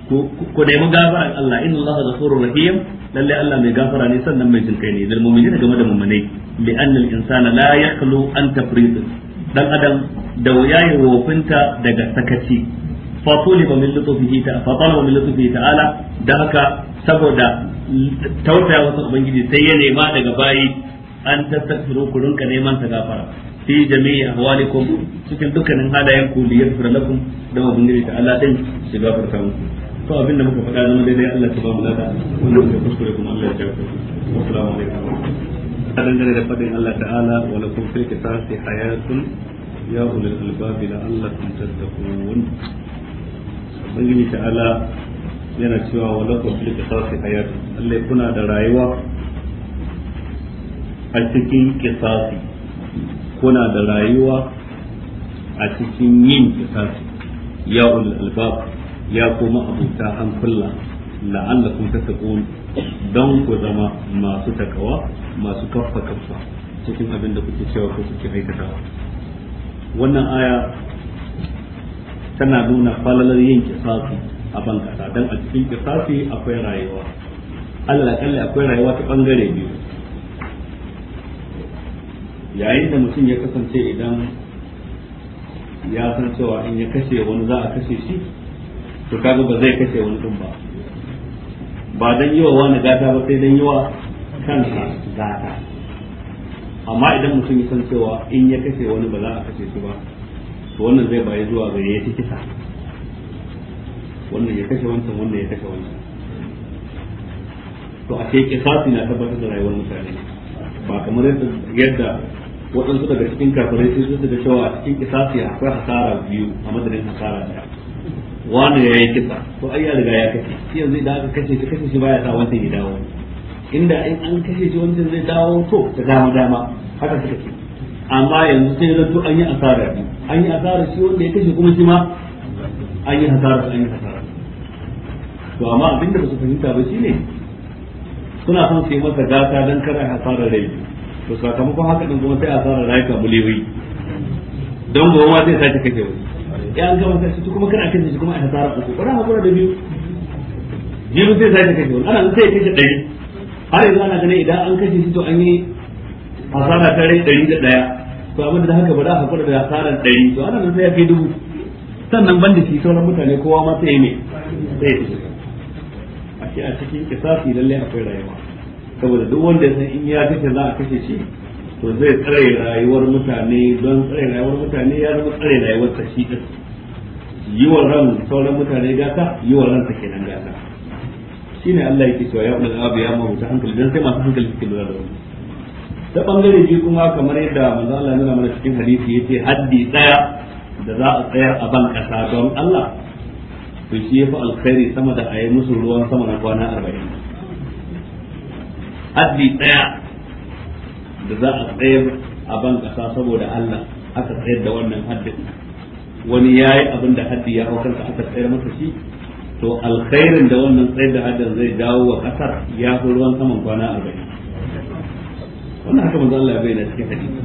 ku nemi gafara Allah inna Allah ghafurur rahim lalle Allah mai gafara ne sannan mai jin kai ne dal gama game da mu'minai bi anna al-insana la yakhlu an tafrid dan adam da wuya ya wofinta daga sakaci fa tuliba min lutfihi ta fa talaba min lutfihi ta'ala dan haka saboda tausaya wasu ubangiji sai ya nema daga bayi an tastaghfiru ku ka neman ta gafara fi jami'i ahwalikum cikin dukkanin halayen ku li yaghfir lakum da ubangiji ta Allah din shi gafarta muku to abinda muka faɗa zama daidai Allah ta ba mu lada wannan muka kuskure kuma da faɗin wa lakum fil ubangiji ta'ala yana cewa wala ku fil qisasi hayat Allah kuna da rayuwa a cikin qisasi kuna da rayuwa a cikin yin qisasi ya ul albab ya kuma abuta an kulla la'allakum tattaqun don ku zama masu takawa masu kaffa kaffa cikin abin da kuke cewa ko kuke aikatawa wannan aya tana nuna falalar yin kisafi a bankasa don a cikin kisafi akwai rayuwa Allah kalli akwai rayuwa ta bangare biyu yayin da mutum ya kasance idan ya san cewa in ya kashe wani za a kashe shi to kaga ba zai kashe wani din ba ba yi wa wani gata ba sai dan wa kansa gata amma idan mutum ya san cewa in ya kashe wani ba za a kashe shi ba to wannan zai bayi zuwa ga yayi kisa wannan ya kashe wancan wannan ya kashe wancan to a ce kisasi na tabbatar da rayuwar mutane ba kamar yadda waɗansu daga cikin kafirai sun su da cewa a cikin kisasi akwai hasara biyu a madadin hasara ɗaya wani ya yi kisa to ai ya riga ya kashe shi yanzu idan aka kashe shi kashe shi baya sa wancan ya dawo inda in an kashe shi wancan zai dawo to da dama dama haka suka ce amma yanzu sai zato an yi asara biyu an yi asarar shi wanda ya kashe kuma shi ma an yi hasarar an yi hasara to amma abin da su fahimta ba shine suna son su yi masa gata don kar a hasarar rai to sakamakon haka din kuma sai hasarar rai ka bulewi don gobe ma zai sake kashe wani ya an gama sai kuma kana kashe shi kuma a hasarar uku kuma hakura da biyu jiru sai sake kashe wani ana sai kashe ɗari har yanzu ana ganin idan an kashe shi to an yi hasara ta rai ɗari da ɗaya to abin da haka ba za a da tsarin ɗari to ana nan sai ya kai dubu sannan ban da shi sauran mutane kowa ma sai ne sai a ke a cikin kisafi lallai akwai rayuwa saboda duk wanda san in ya kashe za a kashe shi to zai tsare rayuwar mutane don tsare rayuwar mutane ya zama tsare rayuwar ta shi ɗin yi wa ran sauran mutane gata yi wa ran ta kenan gata shine Allah yake cewa ya ulul abu ya ta hankali dan sai masu hankali suke lura da wannan ta bangare ji kuma kamar yadda manzo Allah nuna mana cikin hadisi yace haddi daya da za a tsayar a ban kasa don Allah to shi yafi alkhairi sama da ayi musu ruwan sama na kwana 40 haddi daya da za a tsayar a ban kasa saboda Allah aka tsayar da wannan haddi wani yayi abin da haddi ya hau kansa aka tsayar masa shi to alkhairin da wannan tsayar da haddin zai dawo wa kasar ya fi ruwan saman kwana 40 wannan haka manzo Allah ya bayyana cikin hadisi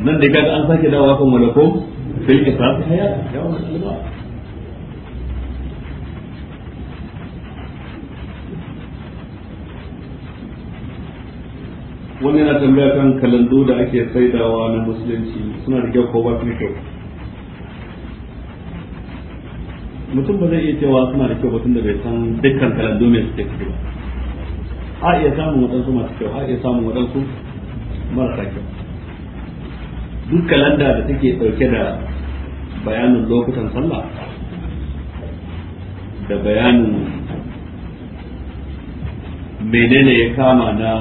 nan da kaga an sake dawowa kan malako fil qisas haya ya wannan wannan na tambaya kan kalandu da ake saidawa na musulunci suna da kyau ko ba su da kyau mutum ba zai iya cewa suna da kyau batun da bai san dukkan kalandu mai suke ciki ba a iya samun waɗansu masu kyau a iya samun waɗansu marasa kyau duk kalanda da take dauke da bayanin lokutan sallah da bayanin menene ya kama na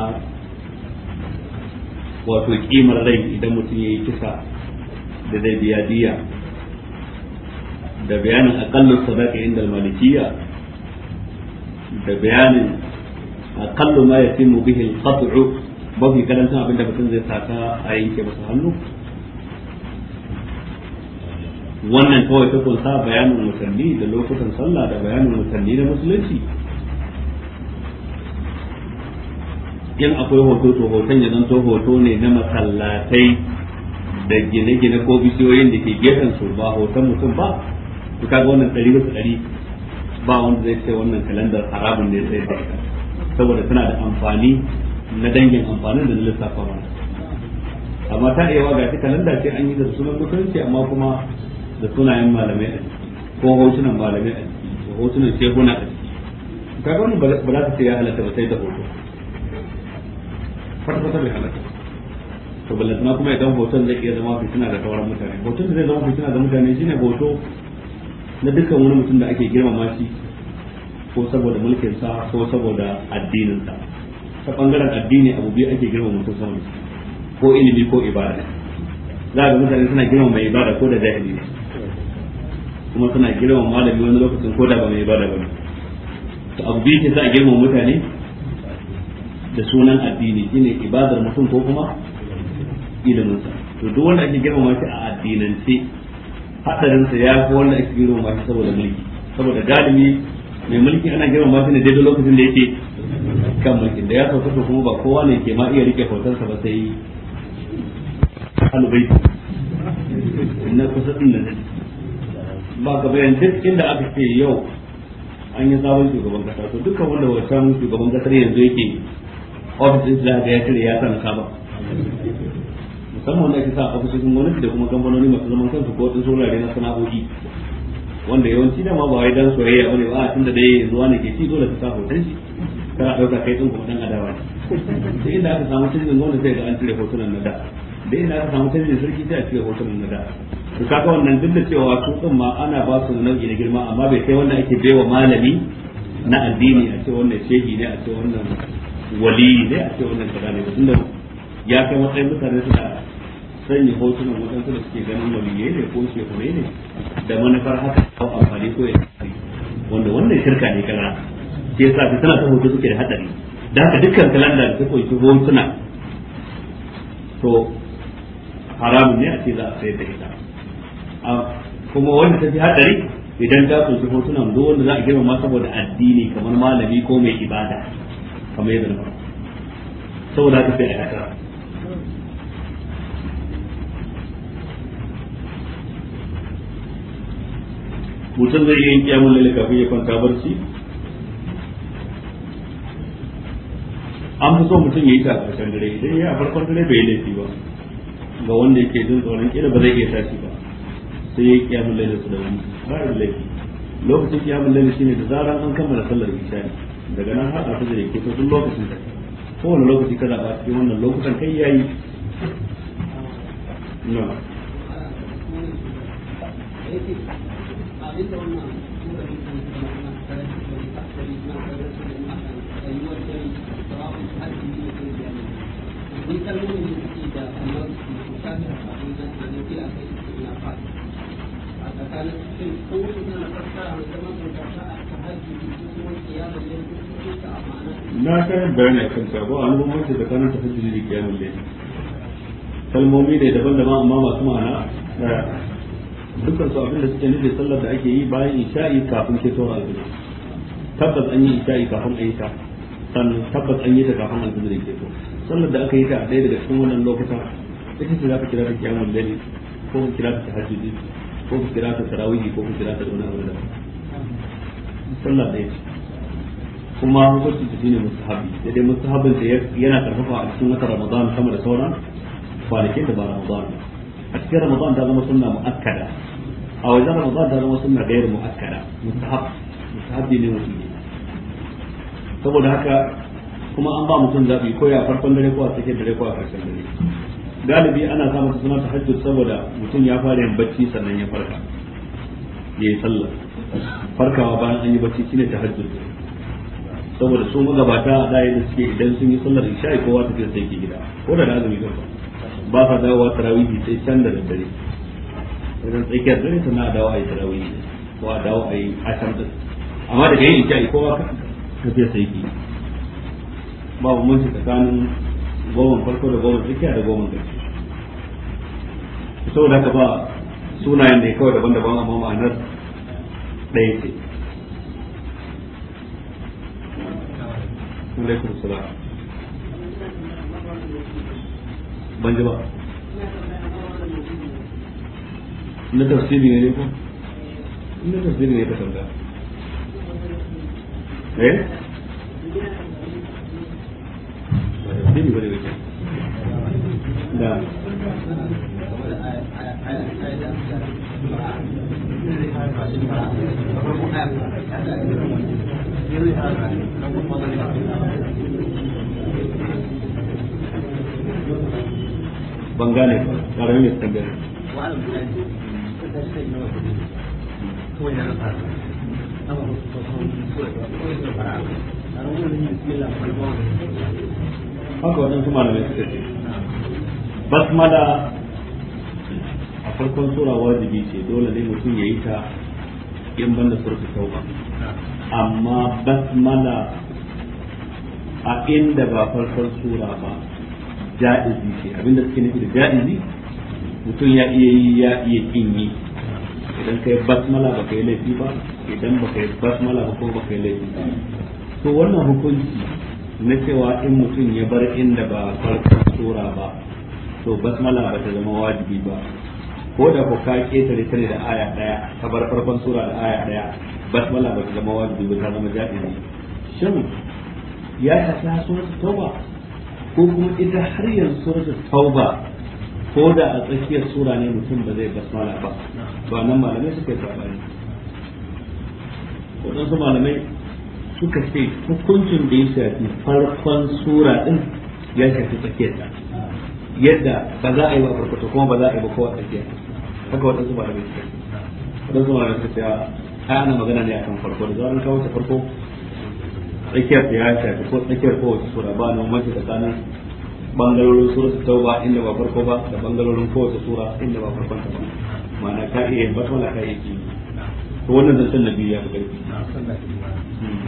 wato kimar rai idan mutum ya yi kisa da zai biya diya da bayanin akallin sadaka inda malikiya da bayanin akallu ma ya fi bihi al ba ku karanta abin abinda mutum zai saka a yanke masa hannu wannan kawai ta kunsa bayanin musalli da lokutan sallah da bayanin musalli na musulunci in akwai hoto to hoton ya zanto hoto ne na masallatai da gine-gine ko bishiyoyin da ke gefen su ba hoton mutum ba to kaga wannan ɗari bisa ɗari ba wanda zai ce wannan kalandar harabin ne sai saboda tana da amfani na dangin amfanin da na lissafa mana amma ta iya ga ta kalanda ce an yi da sunan mutunci amma kuma da sunayen malamai a ko hotunan malamai a ko hotunan shehuna a kaga wannan ba za ta ce ya halatta ba sai da hoto kwata kwata bai halatta to ballantana kuma idan hoton zai iya zama fitina da sauran mutane hoton da zai zama fitina da mutane shine hoto na dukkan wani mutum da ake girmama shi ko saboda mulkinsa ko saboda addininsa ta bangaren addini abu biyu ake girma mutum sama da ko ilimi ko ibada za ga mutane suna girma mai ibada ko da jahili ne kuma suna girma malami wani lokacin ko da ba mai ibada ba ne to abu biyu ke sa a girma mutane da sunan addini shine ibadar mutum ko kuma sa to duk wanda ake girma shi a addinance sa ya fi wanda ake girma shi saboda mulki saboda galibi mai mulki ana girma shi ne daidai lokacin da yake kan mulkin da ya sauka kuma ba kowa ne ke ma iya rike hotarsa ba sai alubai na kusa din da ba ga bayan duk inda aka ce yau an yi sabon shugaban kasa to duka wanda wancan shugaban kasar yanzu yake ofis za ya cire ya san saba musamman da ake sa ofisoshin gwamnati da kuma kamfanoni masu zaman kansu ko wasu wurare na sana'o'i wanda yawanci dama ba wai dan soyayya bane ba tunda dai yanzu wani ke ci dole ka sa hoton shi kana ɗauka kai ɗin kuma ɗan adawa ne sai inda aka samu canjin gwamnati sai ga an cire hotunan na da da inda aka samu canjin sarki sai a cire hotunan na da to kaga wannan duk da cewa su ɗin ma ana ba su nau'i na girma amma bai kai wanda ake baiwa malami na addini a ce wannan shehi ne a ce wannan wali ne a ce wannan kaza ne tunda ya kai matsayin mutane suna sanya hotunan waɗansu da suke ganin waliyai ne ko shekarai ne da manufar haka ko amfani ko ya wanda wannan shirka ne kana shi yasa sai tana ta hoto suke da hadari da haka dukkan kalanda da ta ruwan suna to haramun ne a ce za a sayar da ita kuma wanda ta fi hadari idan ta kunshi suna duk wanda za a ma saboda addini kamar malami ko mai ibada kamar yadda na saboda ta sai a yakara mutum zai yi kyamun lalle kafin ya kwanta barci an fi so mutum ya yi ta a ƙarshen dare idan ya a farkon dare bai laifi ba ga wanda yake jin tsoron kila ba zai iya tashi ba sai ya yi kiyamun laila su da wani ba da laifi lokacin kiyamun laila shine da zaran an kammala sallar isha daga nan har a fajr ke to duk lokacin da kowane lokaci kada ba cikin wannan lokutan kai yayi na na kalmomin da da a kai su na fata a da ta da kalmomi ne daban-daban amma masu ma'ana dukkan su abin da suke nufi sallar da ake yi bayan isha'i kafin ketowar alfajir tabbas an yi isha'i kafin ayyuka sannan tabbas an yi ta kafin alfajir ke sallar da aka yi ta a ɗaya daga cikin wannan lokutan ita ce za ka kira ta kiyamun dare ko ka kira ta tahajjudi ko ka kira ta tarawihi ko ka kira ta wani abu da sallar ɗaya ce kuma hukunci ta shine mustahabi da dai mustahabin da yana karfafa a cikin watan ramadan sama da sauran kwanakin da ba ramadan a cikin ramadan ta zama sunna mu'akkada a wajen ramadan ta zama sunna gairu mu'akkada mustahab mustahabi ne mutum saboda haka kuma an ba mutum zaɓi ko ya farkon dare ko a cikin dare ko a karshen dare galibi ana sa masa suna hajji saboda mutum ya fara yin bacci sannan ya farka ya yi sallah farkawa bayan an yi bacci shine ta hajji. saboda su magabata da suke idan sun yi sallar isha wata ke sai ke gida ko da azumi ba ba sa dawowa tarawih sai can da daddare idan tsakiyar dare tana dawo a yi tarawih ko a dawo a yi da amma daga yin isha kowa ta sai ke gida ba bambanci tsakanin goma farko da goma tsakiya da goma ƙarshe saboda haka ba sunayen ne kawai daban-daban amma ma'anar ɗaya ce alaikum salam ban ji ba na tafsiri ne ko na tafsiri ne ka tambaya eh addini bane ne da ban gane ne haka wannan su malamai suka ce basmala a farkon sura wajibi ce dole ne mutum ya yi ta in banda surta tauba amma basmala a inda ba farkon sura ba ja'izi ce abinda suke nufi da ja'izi mutum ya iya yi ya iya kin yi idan kai basmala ba kai laifi ba idan ba kai basmala ba ko ba kai laifi ba to wannan hukunci na cewa in mutum ya bar inda ba farkon sura ba to basmala ba ta zama wajibi ba ko da ku ka ketare ta ne da aya daya ka bar farkon sura da aya daya basmala ba ta zama wajibi ba ta zama jahili shin ya sa surat tauba ko kuma ita har yanzu surat tauba ko da a tsakiyar sura ne mutum ba zai basmala ba ba nan malamai suka yi sabani waɗansu malamai suka ce hukuncin da ya shafi farkon sura din ya shafi tsakiyar ta yadda ba za a yi ba farkoto kuma ba za a yi ba kowa tsakiyar haka waɗansu ba da bai waɗansu ba da suka ce ta ana magana ne akan farko da zaran kawo ta farko tsakiyar ta ya shafi ko tsakiyar kowace sura ba na mace tsakanin bangarorin sura ta tauba inda ba farko ba da bangarorin kowace sura inda ba farkon ta ba ma'ana ka iya yin batola ka iya ki to wannan na biyu ya fi karfi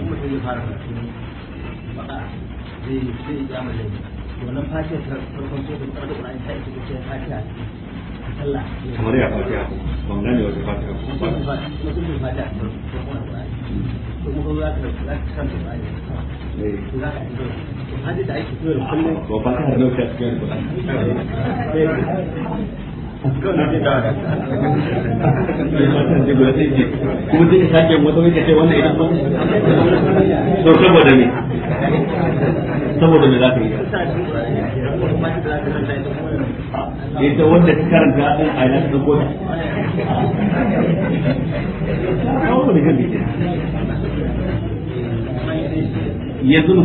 mutum ya fara karatu baka zai zai mu wannan farkon da ta sallah kamar ya ban gane wata ba mutum farkon to mu ga za ka za ka eh. za ka ji to hadi da ake koyar kullum to ba ka da cikin ko ne da lokaci guda sai ke idan yi ita wanda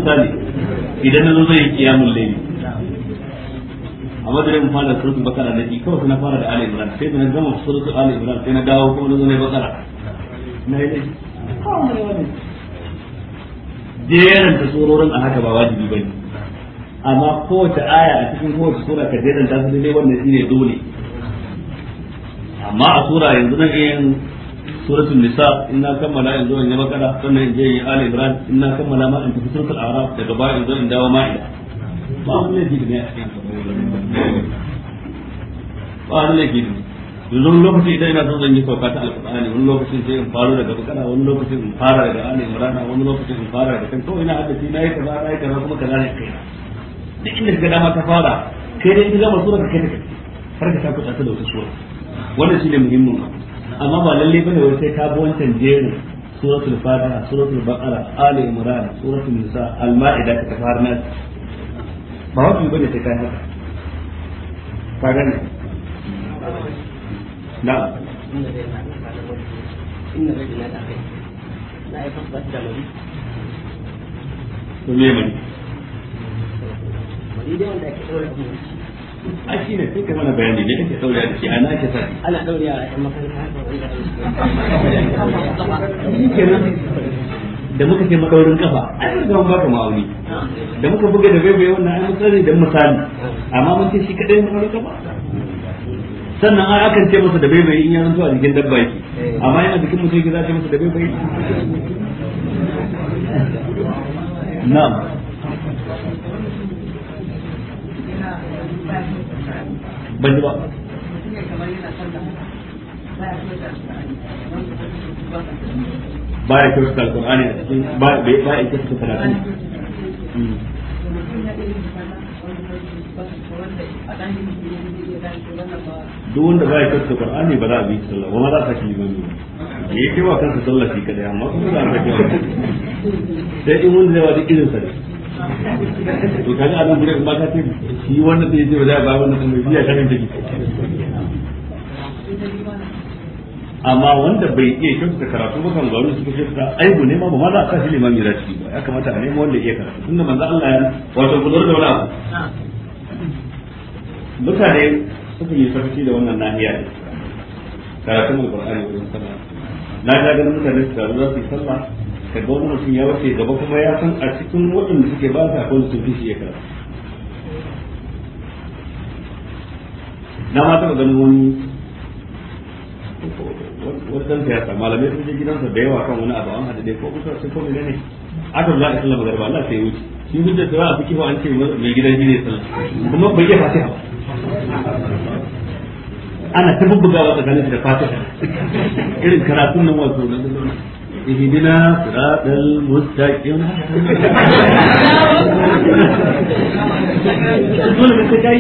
ta na zo zai kiyamun amma da zan fara surutun bakara na ji kawai na fara da ali imran sai da na gama surutun ali imran sai na dawo kuma na zo ne bakara na yi laifi jerin ta surorin a haka ba wajibi ne. amma kowace aya a cikin kowace sura ka jerin ta su dai shi ne dole amma a sura yanzu na yin suratul nisa in na kammala yanzu in yi bakara sannan in je yi ali imran in na kammala ma in tafi suratul araf daga baya in zo in dawo ma'ida ba wani yi da ne a cikin ba wani laifi ne yanzu lokaci idan ina son zan yi sauka ta alƙur'ani wani lokacin sai in faro daga bakara wani lokacin in fara daga ali imrana wani lokacin in fara daga kan kawai ina haddace na yi kaza na yi kaza kuma kaza ne kai duk inda kaga dama ta fara kai dai in gama sura ka kai ta kai har ka tafi ta da wata sura wannan shine muhimmin amma ba lalle bane wai sai ka bi wancan jerin suratul fatiha suratul baqara ali imran suratul nisa al-ma'ida ta fara nan ba wajibi bane sai kai haka kaga ne na to da shi (laughs) da muka ce makaurin kafa ai yi ga baka ma'auni da muka buga da bebe wannan ai mun sani da misali amma mun ce shi kadai madaurin kafa sannan ai akan ce masa da bebe in ya zanto a jikin dabba yake amma yana jikin mutum yake za a ce masa da bebe na'am ban ba kamar yana ba ba ya kyauta alkur'ani a cikin ba ya kyauta talatin duk wanda ba ya ta qur'ani ba za a bi sallah ba za a saki limami ba ya kewa kansa sallah shi kadai amma kuma za a ta wa sai in wanda zai wa irin sa to kaga anan gure ba ta ce shi wannan ta yaje ba za a ba wannan kuma biya kanin take amma wanda bai iya kyautata karatu ba kan gauru suka kyautata aibu ne ma ba ma za a sa shi limami da ciki ba ya kamata a nemo wanda iya karatu da manzo Allah ya wato ku da wani abu mutane suka yi sarki da wannan nahiya ne karatun alqur'ani wurin sallah na ga ganin mutane su taru za su yi sallah ka ga wani mutum ya wuce gaba kuma ya san a cikin waɗanda suke ba ta akwai su fi ya karatu na ma taɓa ganin wani wani dan siyasa malamai sun je gidansa da yawa kan wani abu an hada dai ko kusa sai ko menene aka za a sallama garba Allah sai wuce shi hujjar da za a fiki an ce mai gidan shi ne sallah kuma bai yi fatiha ana ta bubbuga bubbugawa tsakanin da fatiha irin karatun nan wasu na اهدنا صراط المستقيم dole ka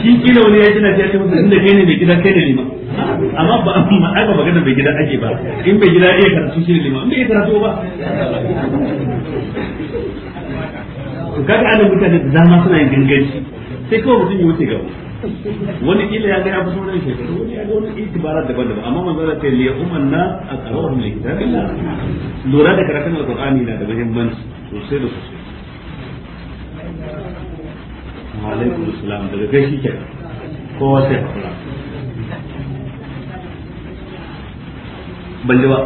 shi kila wani ya ji na ta ce mutum da kai ne mai gidan kai da lima amma ba a ma aka magana bai gida ake ba in bai gida iya karatu shi ne liman bai karatu ba to kaga ana mutane da dama suna yin ganganci sai kawai mutum ya wuce gaba wani kila ya ga ya sauran shekaru wani ya ga wani itibara daban-daban amma manzo da sai liya umman na a tsararhum li kitabillah lura da karatun alqur'ani na da muhimmanci sosai da sosai alaikum assalam daga gashi kenan kowa sai hakura ban ba a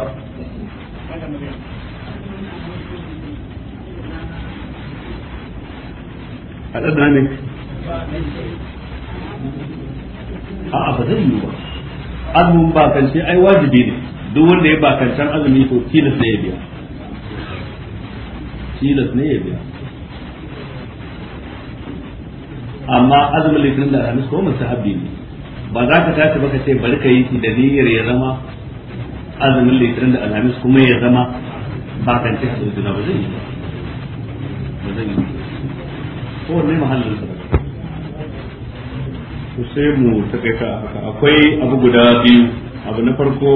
ɗaɗa ne a a ba yi ba azumin bakance ai wajibi ne duk wanda ya bakancan azumi to tilas ne ya biya tilas ne ya biya amma azumin litinin da alhamis ko musahabi ne ba za ka tashi ba ka ce bari ka yi da niyyar ya zama azumin litirin da alhamis kuma ya zama ba kan ci ba zai yi ba zai yi ko mahallin sai mu takaita ka haka akwai abu guda biyu abu na farko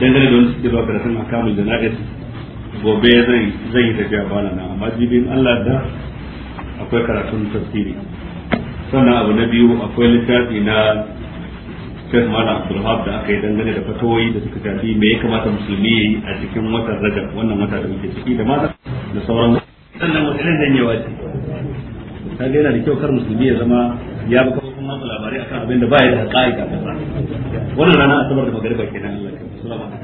dangane da wanda suke ba karatun a kamun jana'is gobe zai yi tafiya ba na amma jibin allah da akwai karatun tafsiri sannan abu na biyu akwai littafi na Sheikh Malam Abdulhab da aka yi dangane da fatoyi da suka tafi me ya kamata musulmi ya yi a cikin watan Rajab wannan wata da muke ciki da mata da sauran sannan wata irin yi ce ta ga yana da kyau kar musulmi ya zama ya baka kuma labarai akan abin da ba ya da haƙa'i ga kasa wannan rana asabar da magariba kenan Allah ya salamu